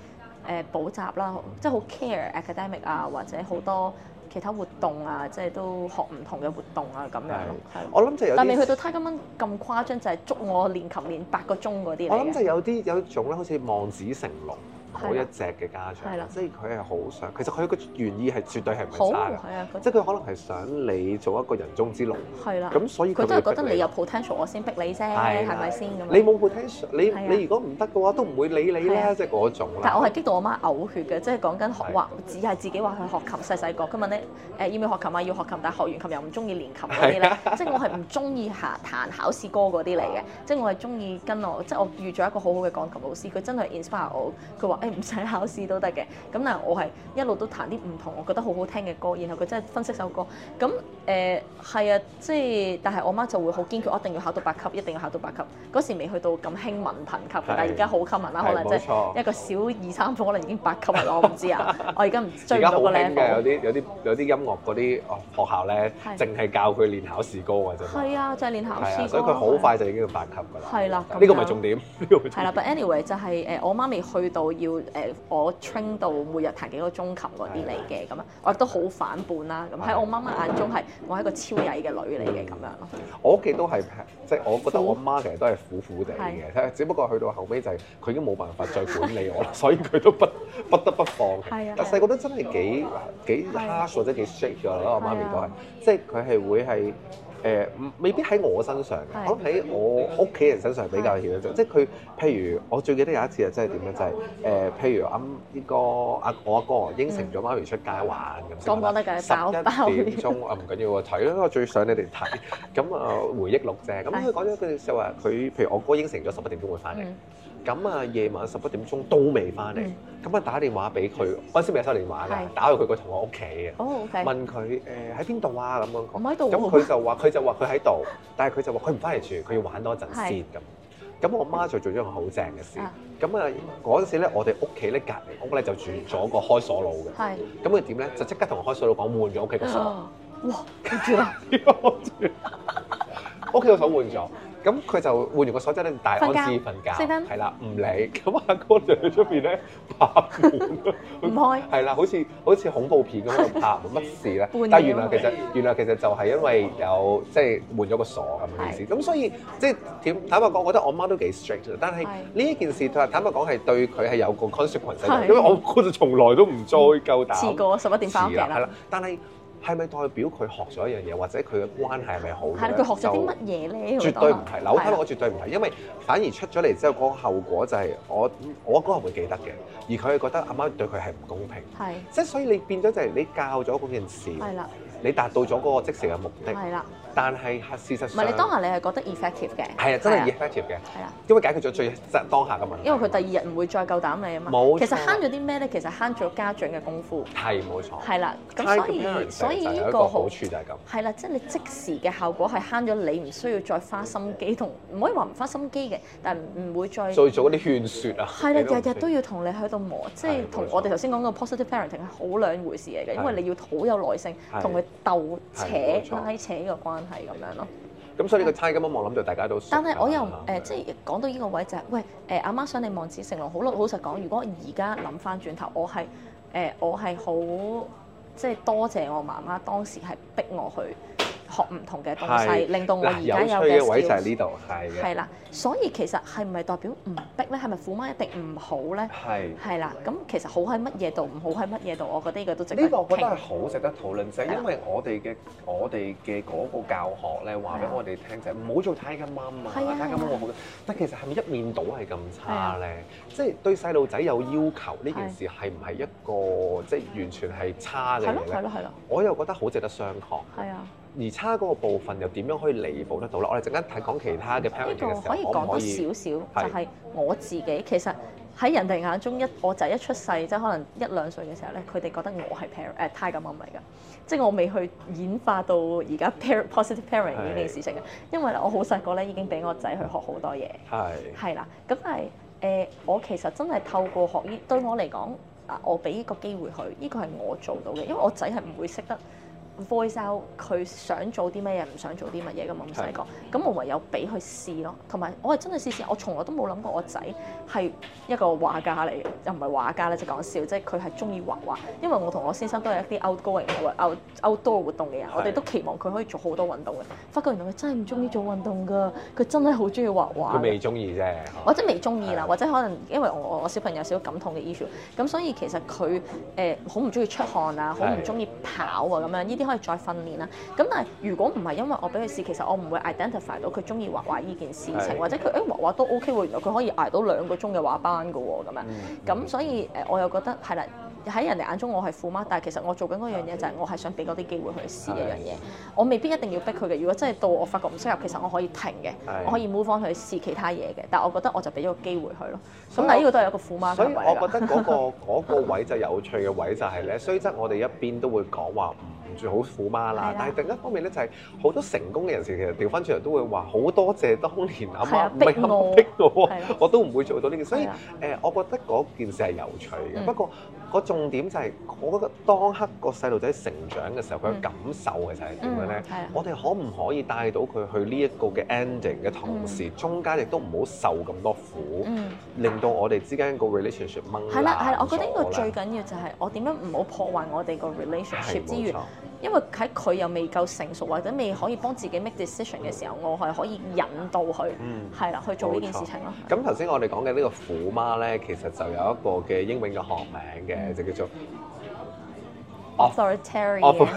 誒補習啦，即係好 care academic 啊，或者好多。其他活動啊，即係都學唔同嘅活動啊，咁樣咯。係、係、我諗就係有啲，但未去到他今晚咁誇張，就係、係、捉我練琴練八個鐘嗰啲。我諗就有啲有一種咧，好似望子成龍，好，一隻嘅家長，即係佢係好想，其實佢個願意係絕對係好，唔差嘅，即係佢可能係想你做一個人中之龍。係啦，咁所以佢都係覺得你有 potential，我先逼你啫，係咪先咁？你冇 potential，你你如果唔得嘅話，都唔會理你咧，即係嗰種。但係我係激到我媽嘔血嘅，即係講緊話，只係自己話去學琴細細個。佢問咧，誒要唔要學琴啊？要學琴，但係學完琴又唔中意練琴嗰啲咧。即係我係唔中意下彈考試歌嗰啲嚟嘅。即係我係中意跟我，即係我遇咗一個好好嘅鋼琴老師，佢真係 inspire 我。佢話。唔使考試都得嘅，咁嗱我係一路都彈啲唔同，我覺得好好聽嘅歌，然後佢真係分析首歌，咁誒係啊，即係，但係我媽就會好堅決，一定要考到八級，一定要考到八級。嗰時未去到咁興文憑級，但係而家好級文啦，可能即係一個小二三級可能已經八級，我唔知啊，我而家唔追到個領。而家好興嘅，有啲有啲有啲音樂嗰啲學校咧，淨係教佢練考試歌嘅啫。係啊，就係、是、練考試歌、啊、所以佢好快就已經八級㗎啦。係啦，呢個唔係重點。係啦，but anyway 就係誒，我媽未去到要。誒，我 train 到每日彈幾個鐘琴嗰啲嚟嘅咁啊，的樣我亦都好反叛啦。咁喺的我媽媽眼中係，我係一個超曳嘅女嚟嘅咁樣。我屋企都係，即、就、係、是、我覺得我媽，媽其實都係苦苦地嘅。的只不過去到後尾，就是，就係佢已經冇辦法再管理我啦，所以佢都不不得不放。係啊的，但細個都真係幾幾 hard 幾 shake 我咯。我媽咪都係，即係佢係會係。誒，未必喺我身上，我喺我屋企人身上比較顯著。即係佢譬如我最記得有一次即係點樣，就係誒譬如阿個阿我阿哥應承咗媽咪出街玩咁，講講得夠一包十一點鐘啊，唔緊要睇啦，我最想你哋睇。咁啊，回憶錄啫。咁佢講咗佢就話佢譬如我哥應承咗十一點鐘會翻嚟。咁啊，夜晚十一點鐘都未翻嚟，咁啊打電話俾佢，我先未收電話㗎，打去佢個同學屋企嘅，問佢誒喺邊度啊咁樣講，咁佢就話佢就話佢喺度，但係佢就話佢唔翻嚟住，佢要玩多陣先咁。咁我媽就做咗個好正嘅事，咁啊嗰陣時咧，我哋屋企咧隔離屋咧就住咗個開鎖佬嘅，咁佢點咧就即刻同開鎖佬講換咗屋企個鎖，哇，跟住啦，屋企個手換咗。咁佢就換完個鎖之後咧，大安睡瞓覺，係啦覺，唔分理。咁阿哥，哥就喺出邊咧，拍門。唔 [LAUGHS] 開。係啦，好似好似恐怖片咁樣拍，冇乜事咧。但原來其實原來其實就係因為有即係、就是、換咗個鎖咁嘅意思。咁是所以即係點坦白講，我覺得我媽，媽都幾 strict 是。但係呢件事，坦白講係對佢係有個 consequence 是。因為我阿哥就從來都唔再夠膽。遲過十一點翻嚟啦。但係。係咪代表佢學咗一樣嘢，或者佢嘅關係係咪好咧？係咯，佢學咗啲乜嘢咧？絕對唔係，扭親的我絕對唔係，因為反而出咗嚟之後，嗰、那個後果就係我我嗰個會記得嘅，而佢係覺得阿媽，媽對佢係唔公平。係的，即係所以你變咗就係你教咗嗰件事，的你達到咗嗰個即時嘅目的。係啦。但係事實上，唔係你當下你係覺得 effective 嘅，係啊，真係 effective 嘅，係啊，因為解決咗最當下嘅問題。因為佢第二日唔會再夠膽你啊嘛，冇錯。其實慳咗啲咩咧？其實慳咗家長嘅功夫，係冇錯，係啦。咁所以所以呢個好處就係咁，係啦，即係你即時嘅效果係慳咗你唔需要再花心機同，唔可以話唔花心機嘅，但係唔會再再做嗰啲勸説啊，係啦，日日都要同你喺度磨，即係同我哋頭先講嗰個 positive parenting 係好兩回事嚟嘅，因為你要好有耐性同佢鬥扯拉扯呢個關。係咁樣咯，咁所以呢個差金我望諗到大家都，但係是、嗯、我又誒，即係講到呢個位就係、是，喂誒，阿、呃、媽媽想你望子成龍，好老老實講，如果而家諗翻轉頭，我係誒、呃，我係好即係多謝我媽媽當時係逼我去學唔同嘅東西，令到我而家有嘅位就係呢度。係啦，所以其實係唔係代表唔逼咧？係咪虎媽一定唔好咧？係。係啦，咁其實好喺乜嘢度，唔好喺乜嘢度。我覺得呢個都值得傾。呢個我覺得係好值得討論，即係因為我哋嘅我哋嘅嗰個教學咧，話俾我哋聽就，唔好做 Tiger Mum 啊，Tiger Mum 我好。但其實係咪一面倒係咁差咧？即係對細路仔有要求呢件事係唔係一個即係完全係差嘅嘢咧？係咯係咯係咯。我又覺得好值得商榷。係啊。而差嗰個部分又點樣可以彌補得到咧？我哋陣間睇講其他嘅 parent 可以講多少少，是就係我自己其實喺人哋眼中一我仔一出世即係可能一兩歲嘅時候咧，佢哋覺得我係 parent 誒嚟㗎，即係我未去演化到而家 parent positive parenting 呢件事情嘅，因為我好細個咧已經俾我仔去學好多嘢係係啦，咁但係誒我其實真係透過學醫對我嚟講啊，我俾個機會佢，呢個係我做到嘅，因為我仔係唔會識得。Voice out 佢想做啲咩嘢，唔想做啲乜嘢，咁我唔使講，咁我唯有俾佢試咯，同埋我係真係試試，我從來都冇諗過我仔係一個畫家嚟嘅，又唔係畫家咧，即係講笑，即係佢係中意畫畫，因為我同我先生都係一啲 outgoing out going, outdoor 活動嘅人，是的 我哋都期望佢可以做好多運動嘅。發覺原來佢真係唔中意做運動噶，佢真係好中意畫畫，佢未中意啫，或者未中意啦，是的 或者可能因為我我小朋友有少少感痛嘅 issue，咁所以其實佢誒好唔中意出汗啊，好唔中意跑啊咁樣呢啲。可以再訓練啦。咁但係如果唔係因為我俾佢試，其實我唔會 identify 到佢鍾意畫畫呢件事情，的或者佢誒、欸、畫畫都 OK 喎。原來佢可以捱到兩個鐘嘅畫班㗎喎咁樣。咁、嗯、所以誒，我又覺得係啦。喺人哋眼中我係富媽，但係其實我做緊嗰樣嘢就係我係想俾嗰啲機會去試一樣嘢。的我未必一定要逼佢嘅。如果真係到我發覺唔適合，其實我可以停嘅，的我可以 move 翻去試其他嘢嘅。但係我覺得我就俾咗個機會佢咯。咁但係呢個都係一個富媽所，所以我覺得嗰、那個那個位就有趣嘅位就係咧，雖 [LAUGHS] 則 [LAUGHS] 我哋一邊都會講話。住好苦媽啦，但係另一方面咧，就係好多成功嘅人士其實調翻出嚟都會話好多謝當年阿媽，唔係咁逼我，我都唔會做到呢件。所以誒，我覺得嗰件事係有趣嘅。不過個重點就係我覺得當刻個細路仔成長嘅時候，佢嘅感受其實係點樣咧？我哋可唔可以帶到佢去呢一個嘅 ending 嘅同時，中間亦都唔好受咁多苦，令到我哋之間個 relationship 掹咗啦。係啦，係啦，我覺得呢個最緊要就係我點樣唔好破壞我哋個 relationship 之餘。因為喺佢又未夠成熟或者未可以幫自己 make decision 嘅、嗯、時候，我係可以引導佢，係啦、嗯、去做呢錯件事情咯。咁頭先我哋講嘅呢個虎媽咧，其實就有一個嘅英文嘅學名嘅，就叫做 authoritarian。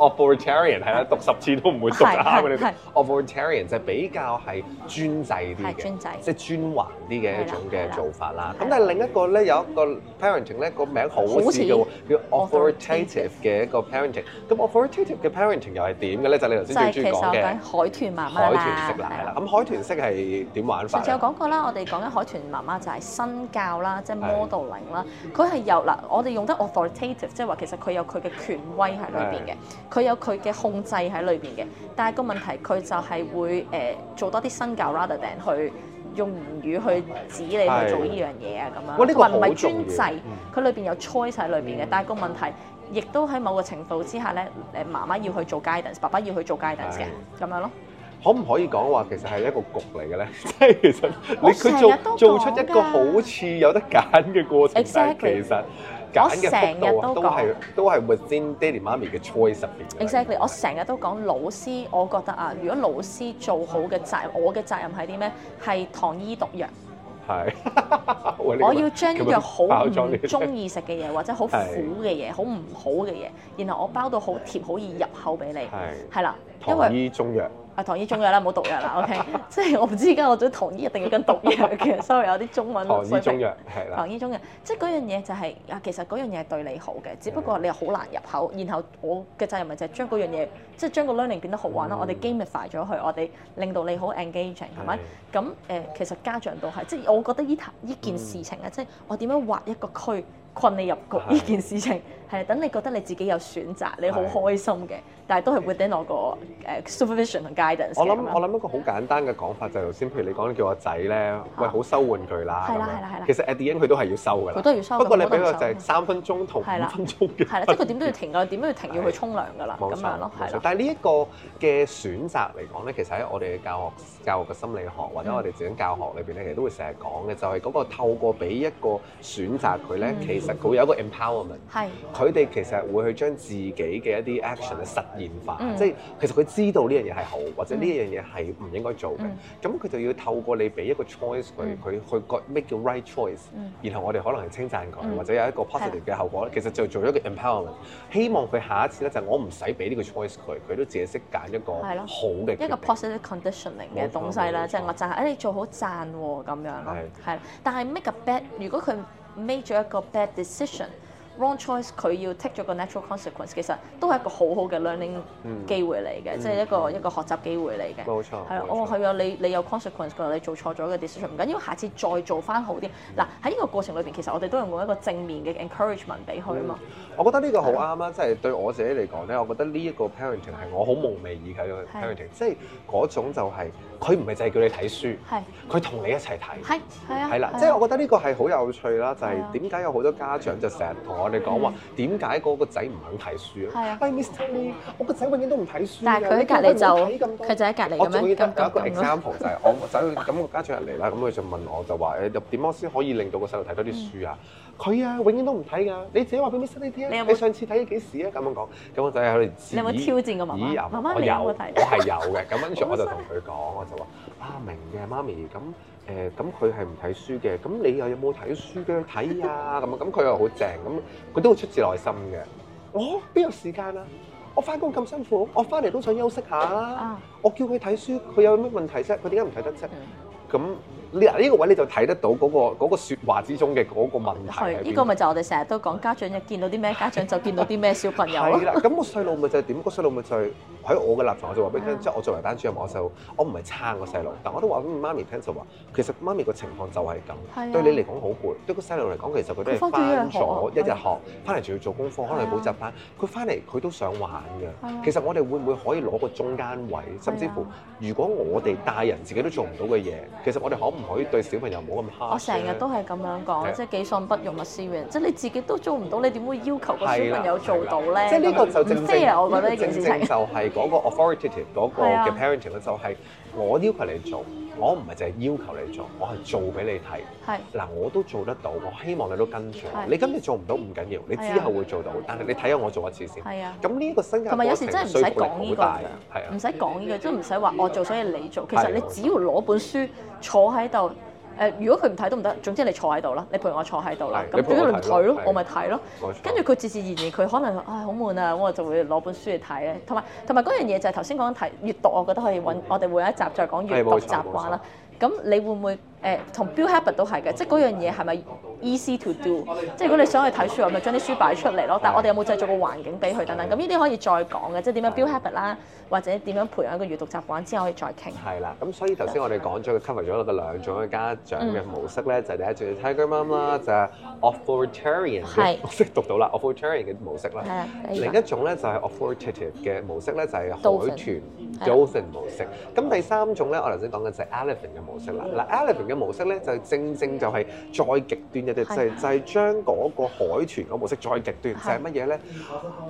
authoritarian 係啦，讀十次都唔會讀得啱。authoritarian 就比較係專制啲嘅，即係專橫啲嘅一種嘅做法啦。咁但係另一個咧，有一個 parenting 咧，個名好似嘅，叫 authoritative 嘅一個 parenting。咁 authoritative 嘅 parenting 又係點嘅咧？就係你頭先最初講嘅海豚媽媽，海豚式啦。咁海豚式係點玩法？就有講過啦，我哋講緊海豚媽媽就係身教啦，即係 modeling 啦。佢係由嗱，我哋用得 authoritative，即係話其實佢有佢嘅權威喺裏邊嘅。佢有佢嘅控制喺裏邊嘅，但係個問題佢就係會誒、呃、做多啲新教 rather than 去用言語去指你去做呢樣嘢啊咁樣。哇，呢個唔係專制，佢裏邊有 choice 喺裏邊嘅，嗯、但係個問題亦都喺某個程度之下咧，誒媽媽要去做 guidance，爸爸要去做 guidance 嘅的，咁樣咯。可唔可以講話其實係一個局嚟嘅咧？即係 [LAUGHS] [LAUGHS] 其實你佢做做出一個好似有得揀嘅過程，但係其實。我成日都講，都係 Exactly, 都係 within 爹哋媽咪嘅 choice 入面。Exactly，我成日都講老師，我覺得啊，如果老師做好嘅責任，我嘅責任係啲咩？係糖衣毒藥。係 [LAUGHS] 樣。我要將啲藥好唔中意食嘅嘢，或者苦 [LAUGHS] 的好苦嘅嘢，好唔好嘅嘢，然後我包到好貼，好，易入口俾你。係的。係啦的。糖衣中藥。 [NOISE] 糖衣中藥啦，冇毒藥啦，OK。即係我唔知而家我都糖衣一定要跟毒藥嘅，所以 [LAUGHS] 有啲中文。糖衣中藥係啦，糖衣中藥，即係嗰樣嘢就係、是、啊，其實嗰樣嘢係對你好嘅，只不過你又好難入口。然後我嘅責任就係將嗰樣嘢，即係將個 learning 變得好玩咯、嗯。我哋 gamify 咗佢，我哋令到你好 engaging 係咪？咁誒、嗯嗯，其實家長都係，即係我覺得呢呢件事情啊，即係、嗯、我點樣畫一個區困你入局呢、嗯、件事情，係等你覺得你自己有選擇，你好開心嘅。嗯但係都係 within 我個誒 supervision 同 guidance 我諗我諗一個好簡單嘅講法就係頭先，譬如你講叫我仔咧，喂好收玩具啦，係啦係啦係啦。其實 at the end 佢都係要收㗎。佢都要收，不過你俾佢就係三分鐘同五分鐘嘅，係啦，即係佢點都要停㗎，點都要停，要去沖涼㗎啦，咁樣咯，係但係呢一個嘅選擇嚟講咧，其實喺我哋嘅教學、教學嘅心理學或者我哋自己教學裏邊咧，其實都會成日講嘅，就係嗰個透過俾一個選擇佢咧，其實佢會有一個 empowerment，係，佢哋其實會去將自己嘅一啲 action 嘅實。變化 [MUSIC] 即係其實佢知道呢樣嘢係好，或者呢樣嘢係唔應該做嘅。咁佢、嗯、就要透過你俾一個 choice 佢，佢、嗯、去 make 個 right choice、嗯。然後我哋可能係稱讚佢，嗯、或者有一個 positive 嘅是的 後果。其實就做咗個 empowerment，希望佢下一次咧就我唔使俾呢個 choice 佢，佢都自己識揀一個好嘅一個 positive conditioning 嘅東西啦。即係我讚，誒你做好讚喎、哦、咁樣。係，係。但係 make a bad，如果佢 make 咗一個 bad decision。Wrong choice，佢要 take 咗個 natural consequence，其實都係一個好好嘅 learning 機會嚟嘅，即係一個一個學習機會嚟嘅。冇錯，錯，係哦，係啊，你你有 consequence 㗎，你做錯咗嘅 decision 唔緊要，下次再做翻好啲。嗱喺呢個過程裏邊其實我哋都用一個正面嘅 encouragement 俾佢啊嘛。我覺得呢個好啱啊，即係對我自己嚟講咧，我覺得呢一個 parenting 係我好夢寐以求嘅 parenting，即係種就係佢唔係就係叫你睇書，係佢同你一齊睇，係係啊，係啦，即係我覺得呢個係好有趣啦，就係點解有好多家長就成日同我。我哋講話點解個個仔唔肯睇書啊？係啊，Miss Lee，我個仔永遠都唔睇書。但係佢喺隔離就佢就喺隔離咁樣。我仲記得有一個 example 就係我個仔咁個家長人嚟啦，咁佢就問我就話誒點樣先可以令到個細路睇多啲書啊？佢啊永遠都唔睇㗎，你自己話俾 Miss Lee 聽？你上次睇幾時啊？你有冇挑戰過媽媽？媽媽你有冇睇？我有。我係有嘅。咁跟住我就同佢講，我就話啊，明嘅媽咪咁。誒咁佢係唔睇書嘅，咁你又有冇睇書俾佢睇啊？咁啊，咁佢又好正，咁佢都會出自內心嘅。哦，邊有時間啊？我翻工咁辛苦，我翻嚟都想休息下。啊、我叫佢睇書，佢有咩問題啫？佢點解唔睇得啫？咁、嗯。呢個位你就睇得到嗰、那個嗰、那個說話之中嘅嗰個問題個。呢個咪就我哋成日都講家長一見到啲咩家長就見到啲咩小朋友啦 [LAUGHS] ，咁、那個細路咪就係點？那個細路咪就係喺我嘅立場，我就話俾你聽，的即係我作為班主任，我就我唔係撐個細路，的但我都話俾媽咪聽就話，其實媽咪個情況就係咁的，對你嚟講好攰，對個細路嚟講其實佢都返咗一日學，返嚟仲要做功課，可能係補習班，佢返嚟佢都想玩嘅。的其實我哋會唔會可以攞個中間位，甚至乎如果我哋大人自己都做唔到嘅嘢，其實我哋可唔可以對小朋友冇咁蝦。我成日都係咁樣講，的即係己所不欲，勿施於人，即係你自己都做唔到，你點會要求個小朋友做到咧？即係呢個就正正，air, 我覺得呢件事情。就係嗰個 authoritative 嗰 [LAUGHS] 個 parenting 就係、是。我要求你做，我唔係淨係要求你做，我係做俾你睇。係嗱的，我都做得到，我希望你都跟住。的你今日做唔到唔緊要，你之後會做到。的但係你睇下我做一次先。係啊的。咁呢個新嘅係咪有時真係唔使講呢個啊？係啊的，唔使講呢個，即係唔使話我做，所以你做。其實你只要攞本書坐喺度。誒，如果佢唔睇都唔得，總之你坐喺度啦，你陪我坐喺度啦，咁總之你唔睇咯，的我咪睇咯。跟住佢自自然然，佢可能唉、哎、好悶啊，咁我就會攞本書嚟睇咧，同埋同埋嗰樣嘢就係頭先講嘅睇，閱讀我覺得可以揾我哋每一集再講閱讀習慣啦。咁你會唔會？誒同 build habit 都係嘅，即係嗰樣嘢係咪 easy to do？即係如果你想去睇書，我咪將啲書擺出嚟咯。但係我哋有冇製造個環境俾佢等等？咁呢啲可以再講嘅，即係點樣 build habit 啦，或者點樣培養一個閱讀習慣之後可以再傾。係啦，咁所以頭先我哋講咗佢 cover 咗兩個兩種嘅家長嘅模式咧，就係第一種係 tiger mom 啦，就係 authoritarian 嘅模式讀到啦，authoritarian 嘅模式啦。係。另一種咧就係 authoritative 嘅模式咧，就係海豚 dolphin 模式。咁第三種咧，我頭先講緊就係 elephant 嘅模式啦。嗱，elephant 嘅模式咧，就正正就係再極端嘅，就係就係將嗰個海豚嘅模式再極端，就係乜嘢咧？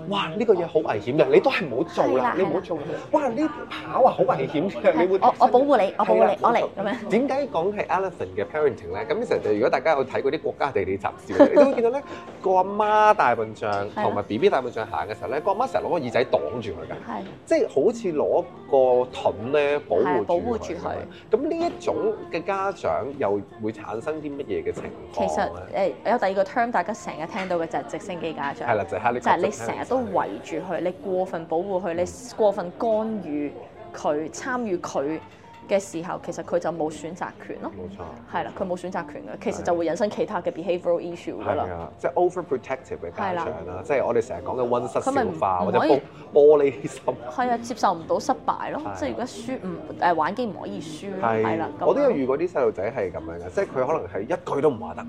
哇！呢個嘢好危險嘅，你都係唔好做啦，你唔好做。哇！呢跑啊好危險嘅，你會，我我保護你，我保護你，攞嚟咁樣，點解講係 Elephant 嘅 Parenting 咧？咁成日如果大家有睇嗰啲國家地理雜誌，你都會見到咧，個阿媽大笨象同埋 B B 大笨象行嘅時候咧，個阿媽成日攞個耳仔擋住佢嘅，即係好似攞個盾咧保護保護住佢。咁呢一種嘅家長。又會產生啲乜嘢嘅情況？其實誒、欸、有第二個 term，大家成日聽到嘅就係直升機家長。係啦，就係、是、你，就係你成日都圍住佢，的你過分保護佢，你過分干預佢，參與佢。嘅時候，其實佢就冇選擇權咯，冇錯，係啦，佢冇選擇權嘅，其實就會引申其他嘅 behavioral issue 噶啦，即係 overprotective 嘅家長啦，即係我哋成日講嘅溫室化或者玻璃心，係啊，接受唔到失敗咯，即係如果輸唔誒玩機唔可以輸啦，係啦，我都有遇過啲細路仔係咁樣嘅，即係佢可能係一句都唔話得，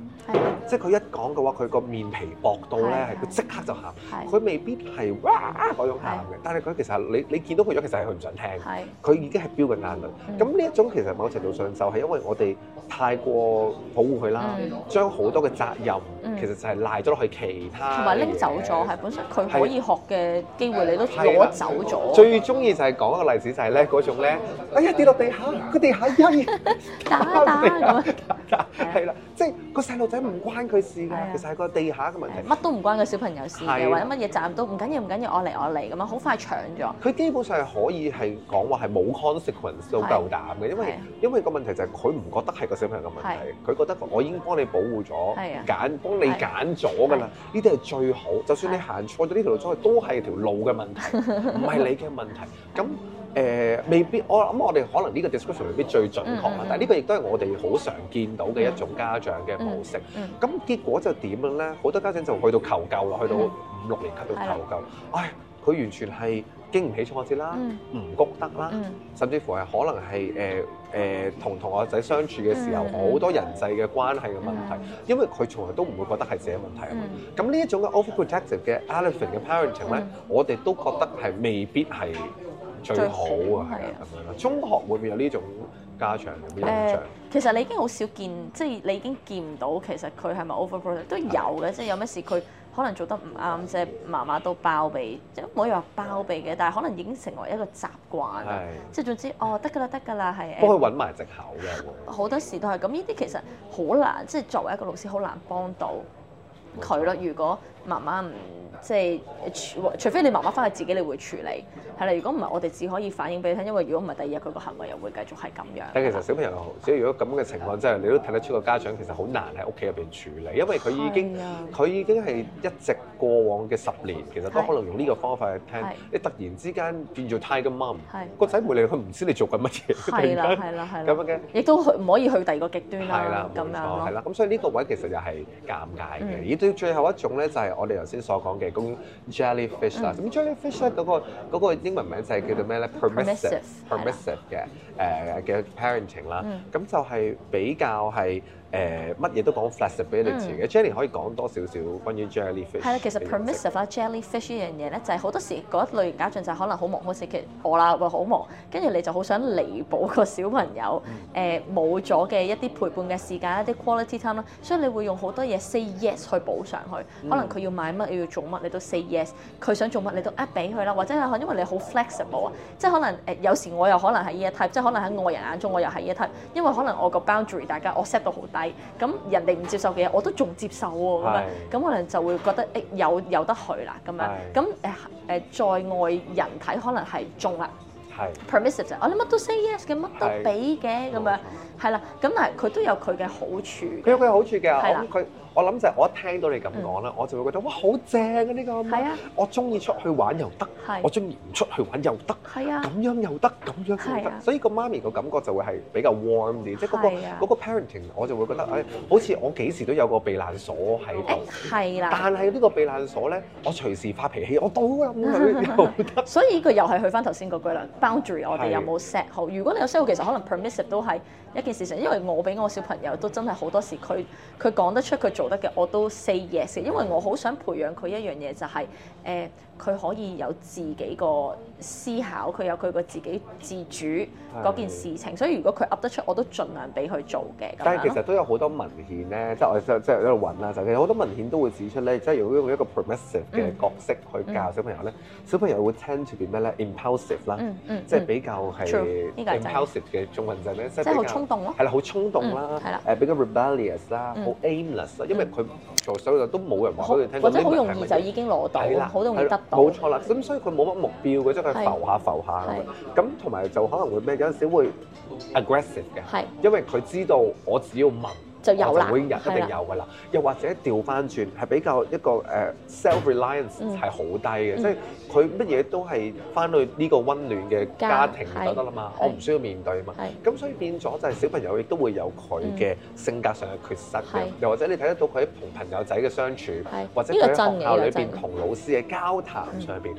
即係佢一講嘅話，佢個面皮薄到咧係佢即刻就喊，佢未必係哇嗰種喊嘅，但係佢其實你你見到佢咗，其實係佢唔想聽，佢已經係飆緊眼淚，咁。咁呢一種其實某程度上就係因為我哋太過保護佢啦，的將好多嘅責任。其實就係賴咗落去其他，同埋拎走咗，係本身佢可以學嘅機會，你都攞走咗。最鍾意就係講一個例子，就係咧嗰種咧，哎呀跌落地下，個地下一打打咁，係啦，即係個細路仔唔關佢事㗎，其實係個地下嘅問題，乜都唔關個小朋友事嘅，或者乜嘢站都唔緊要，唔緊要，我嚟我嚟咁樣，好快搶咗。佢基本上係可以係講話係冇 consequence 都夠膽嘅，因為因為個問題就係佢唔覺得係個小朋友嘅問題，佢覺得我已經幫你保護咗，揀。你揀咗㗎啦，呢啲係最好。就算你行錯咗呢條路出去，都係條路嘅問題，唔係你嘅問題。咁誒、呃、未必，我諗我哋可能呢個 description 未必最準確啦。嗯、但係呢個亦都係我哋好常見到嘅一種家長嘅模式。咁、嗯嗯、結果就點樣咧？好多家長就去到求救啦，去到五六年級度求救。嗯、唉，佢完全係。經唔起挫折啦，唔谷得啦，甚至乎係可能係誒誒同同學仔相處嘅時候，好多人際嘅關係嘅問題，因為佢從來都唔會覺得係自己問題啊。咁呢一種嘅 overprotective 嘅 elephant 嘅 parenting 咧，我哋都覺得係未必係最好啊，係啊咁樣咯。中學會唔會有呢種家長嘅印象？其實你已經好少見，即係你已經見唔到，其實佢係咪 overprotect 都有嘅，即係有咩事佢。可能做得唔啱啫，媽媽都包庇，即係唔可以話包庇嘅，但係可能已經成為一個習慣。即係係，總之，哦，得㗎啦，得㗎啦，係。幫佢揾埋藉口嘅喎。好多時都係咁，呢啲其實好難，即係作為一個老師，好難幫到佢咯，如果媽媽唔即係除非你媽媽翻去自己，你會處理係啦。如果唔係，我哋只可以反映俾你聽。因為如果唔係，第二日佢個行為又會繼續，係咁樣。但其實小朋友即係如果咁嘅情況真係，你都睇得出個家長其實好難喺屋企入邊處理，因為佢已經，佢的已經係一直。過往嘅十年其實都可能用呢個方法去聽，你突然之間變咗 tiger mom，個仔回嚟佢唔知你做緊乜嘢，係啦係啦係啦咁樣嘅，亦都唔可以去第二個極端啦，咁樣咯，係啦，咁所以呢個位其實又係尷尬嘅。而到最後一種咧，就係我哋頭先所講嘅叫 jellyfish 啦。咁 jellyfish 咧，嗰個嗰個英文名就係叫做咩咧？permissive permissive 嘅誒嘅 parenting 啦，咁就係比較係。誒乜嘢都講 flexibility 嘅、嗯、Jenny 可以講多少少關於 Jellyfish 係啊，其實 permissive 啦，Jellyfish 呢樣嘢咧就係、是、好多時嗰一類，家長就可能好忙，好似其實我啦，我好忙，跟住你就好想彌補個小朋友誒冇咗嘅一啲陪伴嘅時間，一啲 quality time 啦，所以你會用好多嘢 say yes 去補上去，嗯、可能佢要買乜要做乜，你都 say yes，佢想做乜你都 at 俾佢啦，或者因為你好 flexible 啊，即係可能誒、呃、有時我又可能係呢一 type，即係可能喺外人眼中我又係呢一 type，因為可能我個 boundary 大家我 set 到好大。咁人哋唔接受嘅嘢，我都仲接受喎，咁啊是，咁可能就會覺得誒有有得去啦，咁樣是，咁誒誒在外人睇可能係中啦是，permissive 就、哦、我哋乜都 say yes 嘅，乜都俾嘅，咁是樣，係啦， [LAUGHS] 咁但係佢都有佢嘅好處，佢有佢嘅好處嘅，佢的。我諗就係我一聽到你咁講啦，我就會覺得哇好正啊！呢個，係啊，我中意出去玩又得，我中意唔出去玩又得，係啊，咁樣又得，咁樣又得。所以個媽咪個感覺就會係比較 warm 啲，即係嗰個嗰個 parenting，我就會覺得誒，好似我幾時都有個避難所喺度。係啦。但係呢個避難所咧，我隨時發脾氣，我都咁樣都得。所以呢個又係去翻頭先嗰句啦，boundary 我哋有冇 set 好？如果你有 set 好，其實可能 permissive 都係一件事情，因為我俾我小朋友都真係好多時，佢佢講得出佢。做得嘅我都 say yes，因為我好想培養佢一樣嘢，就係、是、誒。呃佢可以有自己個思考，佢有佢個自己自主嗰件事情，所以如果佢 up 得出，我都盡量俾佢做嘅。但係其實都有好多文獻咧，即係我即係即係喺度揾啦，就其實好多文獻都會指出咧，即係如果用一個 permissive 嘅角色去教小朋友咧，小朋友會 tend to be 咩咧？impulsive 啦，即係比較係 impulsive 嘅中文就咩？即係好衝動咯，係啦，好衝動啦，誒比較 rebellious 啦，好 aimless，因為佢做手度都冇人話佢聽，或者好容易就已經攞到，好容易得。冇錯啦，咁所以佢冇乜目標嘅，即係浮下浮下咁，咁同埋就可能會咩？有陣時會 aggressive 嘅，是的 因為佢知道我只要問，就有啦，一定有㗎喇，又或者調翻轉係比較一個誒 self reliance 係好低嘅，即係佢乜嘢都係翻去呢個溫暖嘅家庭就得啦嘛，我唔需要面對啊嘛，咁所以變咗就係小朋友亦都會有佢嘅性格上嘅缺失嘅，又或者你睇得到佢喺同朋友仔嘅相處，或者佢喺學校裏邊同老師嘅交談上邊。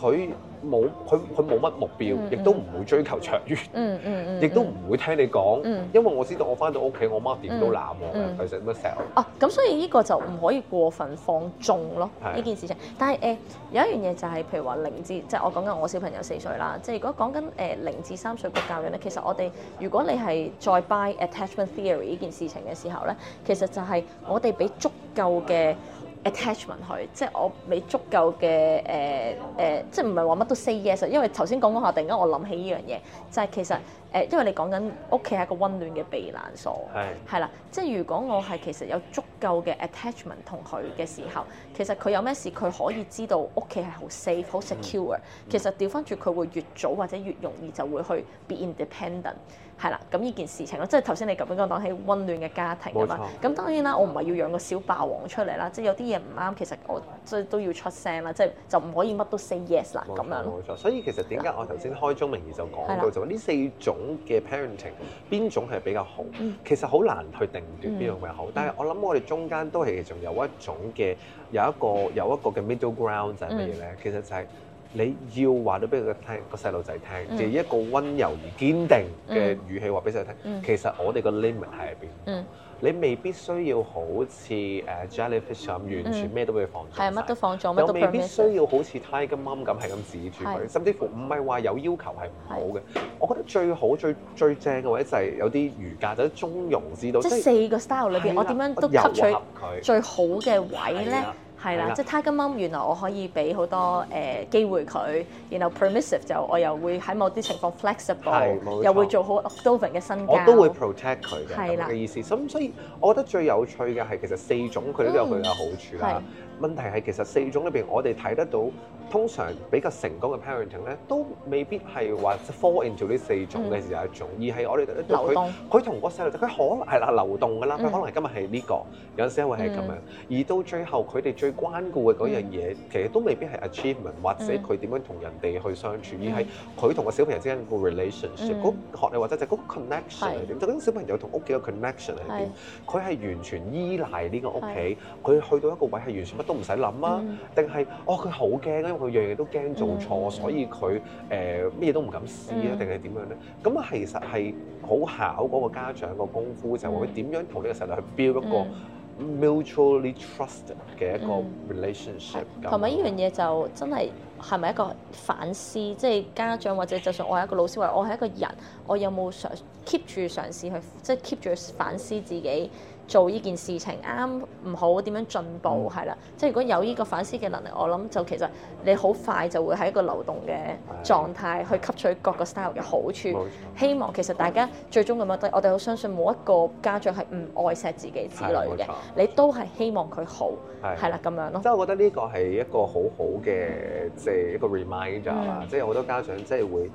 佢冇佢佢冇乜目標，亦都唔會追求長遠，嗯嗯嗯、亦都唔會聽你講，嗯、因為我知道我返到屋企，我媽點都鬧我，其實乜樣錫。咁所以呢個就唔可以過分放縱咯，呢的、呃、件事情。但係誒有一樣嘢就係、是，譬如話零至即係我講緊我小朋友四歲啦。即係如果講緊誒零至三歲嘅教養咧，其實我哋如果你係再 buy attachment theory 呢件事情嘅時候咧，其實就係我哋俾足夠嘅。嗯嗯嗯 attachment 佢，即係我未足夠嘅誒誒，即係唔係話乜都 say yes。因為頭先講講下，突然間我諗起呢樣嘢，就係、是、其實誒、呃，因為你講緊屋企係一個温暖嘅避難所，係啦的，即係如果我係其實有足夠嘅 attachment 同佢嘅時候，其實佢有咩事佢可以知道屋企係好 safe 好 secure。嗯嗯、其實調翻轉佢會越早或者越容易就會去 be independent。係啦，咁呢件事情咯，即係頭先你咁樣講起温暖嘅家庭啊嘛，咁錯當然啦，我唔係要養個小霸王出嚟啦，即係有啲嘢唔啱，其實我即係都要出聲啦，即係就唔可以乜都 say yes 啦咁樣。冇錯，所以其實點解我頭先開宗明義就講到的就話呢四種嘅 parenting 邊種係比較好，嗯、其實好難去定奪邊樣比較好，但係我諗我哋中間都係仲有一種嘅有一個有一個嘅 middle ground 就係乜嘢咧？嗯、其實係、就係。你要話咗俾佢聽，個細路仔聽，就一個温柔而堅定嘅語氣話俾佢聽。其實我哋個 limit 喺入邊？你未必需要好似誒 Jellyfish 咁完全咩都俾佢放縱，係乜都放咗，乜都未必需要好似 Tiger Mom 咁係咁指住佢，甚至乎唔係話有要求係唔好嘅。我覺得最好最最正嘅位就係有啲瑜伽，就啲中庸之道。即係四個 style 裏邊，我點樣都吸取佢最好嘅位咧？係啦，即係他咁啱，原來我可以俾好多誒機會佢。然後 Permissive 就我又會喺某啲情況 flexible，又會做好 over 嘅身份，我都會 protect 佢嘅咁嘅意思。咁所以我覺得最有趣嘅係其實四種佢都有佢嘅好處啦。問題係其實四種裏面，我哋睇得到通常比較成功嘅 parenting 咧，都未必係話 fall into 呢四種嘅其中一種。而係我哋佢佢同個細路仔，佢可能係啦流動㗎啦。佢可能今日係呢個，有陣時會係咁樣。而到最後，佢哋最關顧嘅嗰樣嘢，其實都未必係 achievement，或者佢點樣同人哋去相處，而係佢同個小朋友之間個 relationship。嗰學你或者就嗰 connection，就嗰小朋友同屋企嘅 connection 係點。佢係完全依賴呢個屋企，佢去到一個位係完全不。都唔使諗啊？定係哦佢好驚因為佢樣樣都驚做錯，嗯、所以佢誒咩嘢都唔敢試咧、啊？定係點樣咧？咁其實係好考嗰個家長個功夫，就係佢點樣同呢個細路去 build、嗯、一個 mutually trust 嘅一個 relationship、嗯。同埋呢樣嘢就真係係咪一個反思？即係家長或者就算我係一個老師，或者我係一個人，我有冇嘗 keep 住嘗試去，即係 keep 住反思自己？做呢件事情啱唔好，點樣進步係啦、嗯，即係如果有呢個反思嘅能力，我諗就其實你好快就會喺一個流動嘅狀態去吸取各個 style 嘅好處。冇錯希望其實大家冇錯最終嘅目的，我哋好相信冇一個家長係唔愛錫自己子女嘅，冇錯你都係希望佢好係啦咁樣咯。即係我覺得呢個係一個好好嘅即係一個 reminder 啊、嗯！即係好多家長即係會。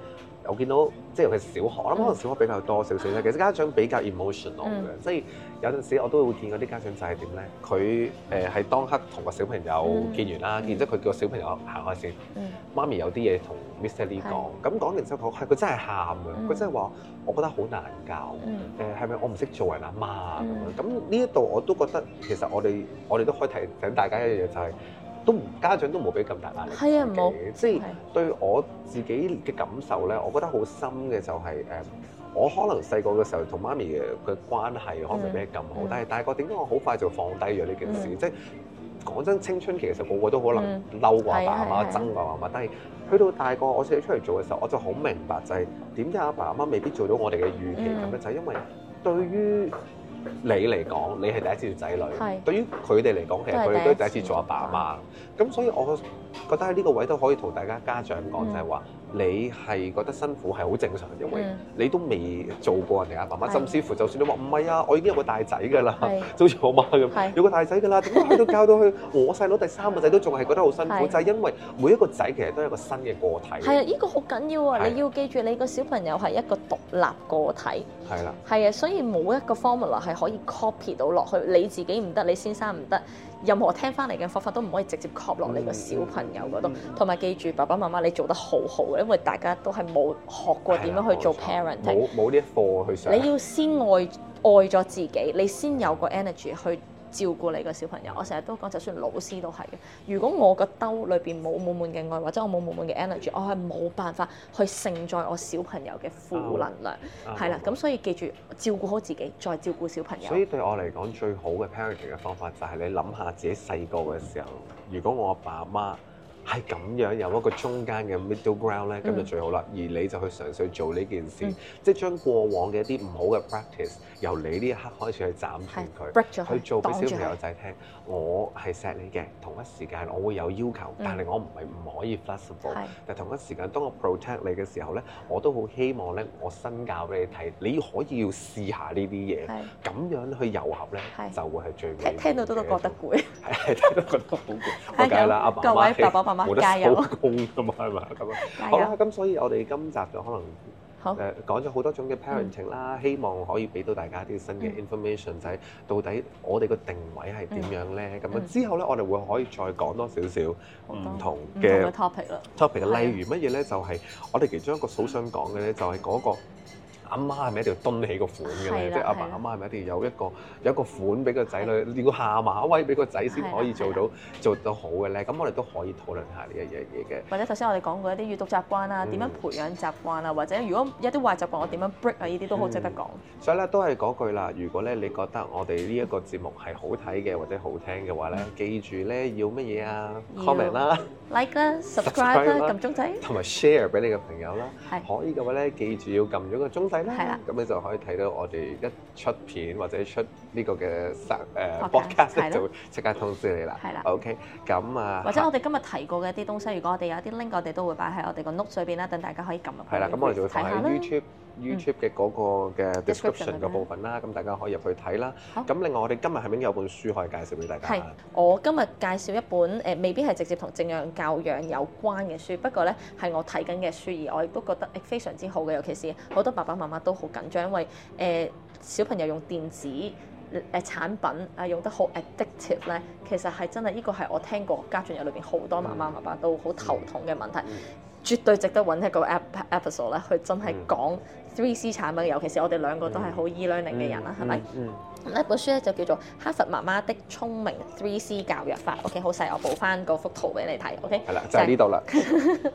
我見到即係尤其小學啦，可能小學比較多少少咧。其實家長比較 emotional 嘅，所以、嗯、有陣時我都會見到啲家長就係點咧，佢誒係當刻同個小朋友見完啦，然之後佢叫個小朋友行開先。嗯、媽咪有啲嘢同 Mr Lee 講，咁、嗯、講完之後佢係佢真係喊嘅，佢真係話我覺得好難教，誒係咪我唔識做人阿、啊、媽啊咁樣？咁呢一度我都覺得其實我哋我哋都可以提醒大家一樣嘢就係、是。都唔，家長都冇俾咁大壓力，係啊冇，即係對我自己嘅感受咧，我覺得好深嘅就係、是、誒，uh, 我可能細個嘅時候同媽咪嘅關係可能未必咁好，嗯、但係大個點解我好快就放低咗呢件事？即係講真，青春期其實個個都可能嬲啊爸媽憎啊爸媽，嗯、但係去到大個，我自己出嚟做嘅時候，我就好明白就係點解阿爸阿媽，媽未必做到我哋嘅預期咁樣，嗯、就係因為對於你嚟講，你係第，是第一次做仔女，對於佢哋嚟講，其實佢哋都係第一次做阿爸阿媽。咁所以，我覺得喺呢個位都可以同大家家長講，就係話。你係覺得辛苦係好正常，因為你都未做過人哋阿媽媽，甚至乎就算你話唔係啊，我已經有個大仔㗎啦，是就好似我媽咁，是有個大仔㗎啦，點解都教到去 [LAUGHS] 我細佬第三個仔都仲係覺得好辛苦？是就係因為每一個仔其實都係一個新嘅個體。係啊，呢、呢個好緊要啊！你要記住，你個小朋友係一個獨立個體。係啦的。係啊，所以冇一個 formula 係可以 copy 到落去。你自己唔得，你先生唔得。任何聽翻嚟嘅方法都唔可以直接 copy 落你個小朋友嗰度，同埋、嗯、記住，爸爸媽媽你做得好好嘅，因為大家都係冇學過點樣去做 parenting，冇冇呢一課去上。你要先愛愛咗自己，你先有個 energy 去。照顧你個小朋友，我成日都講，就算老師都係嘅。如果我個兜裏邊冇滿滿嘅愛，或者我冇滿滿嘅 energy，我係冇辦法去盛載我小朋友嘅負能量，係啦、啊。咁、啊、所以記住，照顧好自己，再照顧小朋友。所以對我嚟講，最好嘅 parenting 嘅方法就係你諗下自己細個嘅時候，如果我爸媽。係咁樣有一個中間嘅 middle ground 咧，咁就最好啦。而你就去嘗試做呢件事，即係將過往嘅一啲唔好嘅 practice，由你呢一刻開始去斬斷佢，去做俾小朋友仔聽。我係錫你嘅，同一時間我會有要求，但係我唔係唔可以 flexible。但同一時間，當我 protect 你嘅時候咧，我都好希望咧，我身教俾你睇，你可以要試下呢啲嘢，咁樣去融合咧，就會係最聽到都覺得攰，係係聽到覺得好攰，冇計啦。阿爸爸爸。冇得收工㗎嘛，係咪咁啊？樣油好啦，咁所以我哋今集就可能誒好、呃、講咗好多種嘅 parenting 啦、嗯，希望可以俾到大家啲新嘅 information，、嗯、就係到底我哋個定位係點樣咧？咁啊、嗯、之後咧，我哋會可以再講多少少唔同嘅 topic 啦。topic 例如乜嘢咧？就係、是、我哋其中一個好想講嘅咧，就係嗰、那個。嗯嗯阿媽係咪一定要蹲起個款嘅咧？即係阿爸阿媽係咪一定要有一個有一個款俾個仔女，要下馬威俾個仔先可以做到做到好嘅咧？咁我哋都可以討論下呢一樣嘢嘅。或者頭先我哋講過一啲閱讀習慣啊，點樣培養習慣啊，或者如果一啲壞習慣，我點樣 break 啊？呢啲都好值得講。所以咧，都係嗰句啦。如果咧你覺得我哋呢一個節目係好睇嘅或者好聽嘅話咧，記住咧要乜嘢啊？comment 啦，like 啦，subscribe 啦，撳鐘仔，同埋 share 俾你嘅朋友啦。可以嘅話咧，記住要撳咗個鐘仔。coh 係啦，咁你就可以睇到我哋一出片或者出呢個嘅生誒 podcast 就會即刻通知你啦。係啦了，OK，咁那啊，或者我哋今日提過嘅一啲東西，如果我哋有啲 link，我哋都會擺喺我哋個 note 上邊啦，等大家可以撳入去，咁我哋 [MUSIC] 就睇下 YouTube YouTube 嘅嗰個嘅 description 嘅部分啦，咁的大家可以入去睇啦。咁好另外我哋今日係咪有本書可以介紹俾大家？係，我今日介紹一本誒、呃，未必係直接同正向教養有關嘅書，不過咧係我睇緊嘅書，而我亦都覺得誒非常之好嘅。尤其是好多爸爸媽媽都好緊張，因為誒、呃、小朋友用電子誒、呃、產品啊，用得好 addictive 咧，其實係真係呢個係我聽過家長友裏邊好多媽媽媽媽都好頭痛嘅問題，嗯嗯嗯、絕對值得揾一個 app ep episode 咧去真係講、嗯。3C 產品，尤其是我哋兩個都係好 i r o 嘅人啦，係咪？咁本書咧就叫做《哈佛媽媽的聰明 3C 教養法》，OK，好細，我補翻嗰幅圖俾你睇，OK、就係。係啦，就係呢度啦。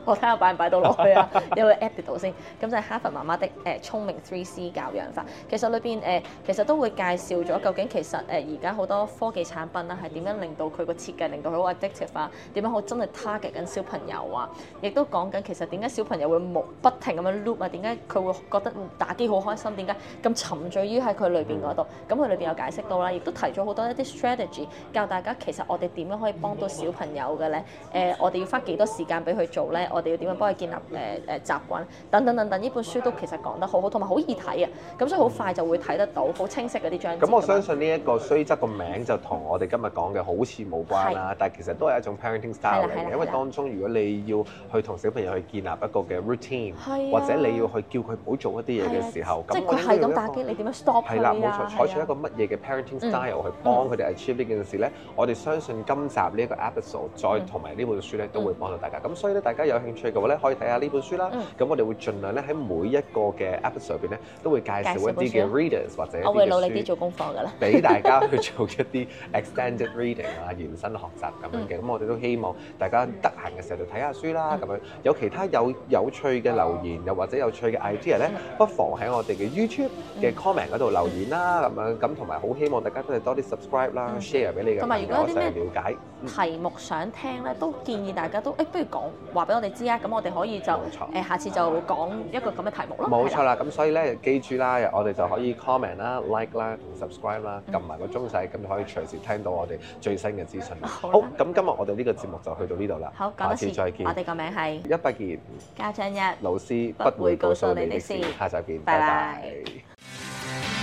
我睇下擺唔擺到落去啊？有冇 App 到先。咁就係《哈佛媽媽的誒聰明 3C 教養法》，其實裏邊誒其實都會介紹咗究竟其實誒而家好多科技產品啦，係點樣令到佢個設計令到佢好 addictive 化，點樣好真係 target 緊小朋友啊？亦都講緊其實點解小朋友會冇不停咁樣 loop 啊？點解佢會覺得打機好開心？點解咁沉醉於喺佢裏邊嗰度？咁佢哋。有解釋到啦，亦都提咗好多一啲 strategy 教大家其實我哋點樣可以幫到小朋友嘅咧？誒、呃，我哋要花幾多時間俾佢做咧？我哋要點樣幫佢建立誒誒、呃、習慣等等等等？呢本書都其實講得好好，同埋好易睇啊！咁所以好快就會睇得到，好清晰嗰啲章節。咁、嗯、我相信呢一個雖則是個名就同我哋今日講嘅好似冇關啦，但係其實都係一種 parenting style 嚟嘅，因為當中如果你要去同小朋友去建立一個嘅 routine，的或者你要去叫佢唔好做一啲嘢嘅時候，即係佢係咁打機你，點樣 stop 佢啊？冇錯，採取一個乜？嘅 parenting style 去幫佢哋 achieve 呢件事咧，我哋相信今集呢個 episode 再同埋呢本書咧都會幫到大家。咁所以咧，大家有興趣嘅話咧，可以睇下呢本書啦。咁我哋會盡量咧喺每一個嘅 episode 入邊咧，都會介紹一啲嘅 readers 或者我會努力啲做功課噶啦，俾大家去做一啲 extended reading 啊，延伸學習咁樣嘅。咁我哋都希望大家得閒嘅時候就睇下書啦。咁樣有其他有有趣嘅留言又或者有趣嘅 idea 咧，不妨喺我哋嘅 YouTube 嘅 comment 嗰度留言啦。咁樣咁。同埋好希望大家都係多啲 subscribe 啦，share 俾你嘅。同埋如果有啲咩瞭解題目想聽咧，都建議大家都誒，不如講話俾我哋知啊。咁我哋可以就誒下次就講一個咁嘅題目咯。冇錯啦，咁所以咧記住啦，我哋就可以 comment 啦、like 啦、同 subscribe 啦，撳埋個鐘曬，咁就可以隨時聽到我哋最新嘅資訊。好，咁今日我哋呢個節目就去到呢度啦。好，下次再見。我哋個名係一百件，家長日老師不會告訴你啲事。下集見，拜拜。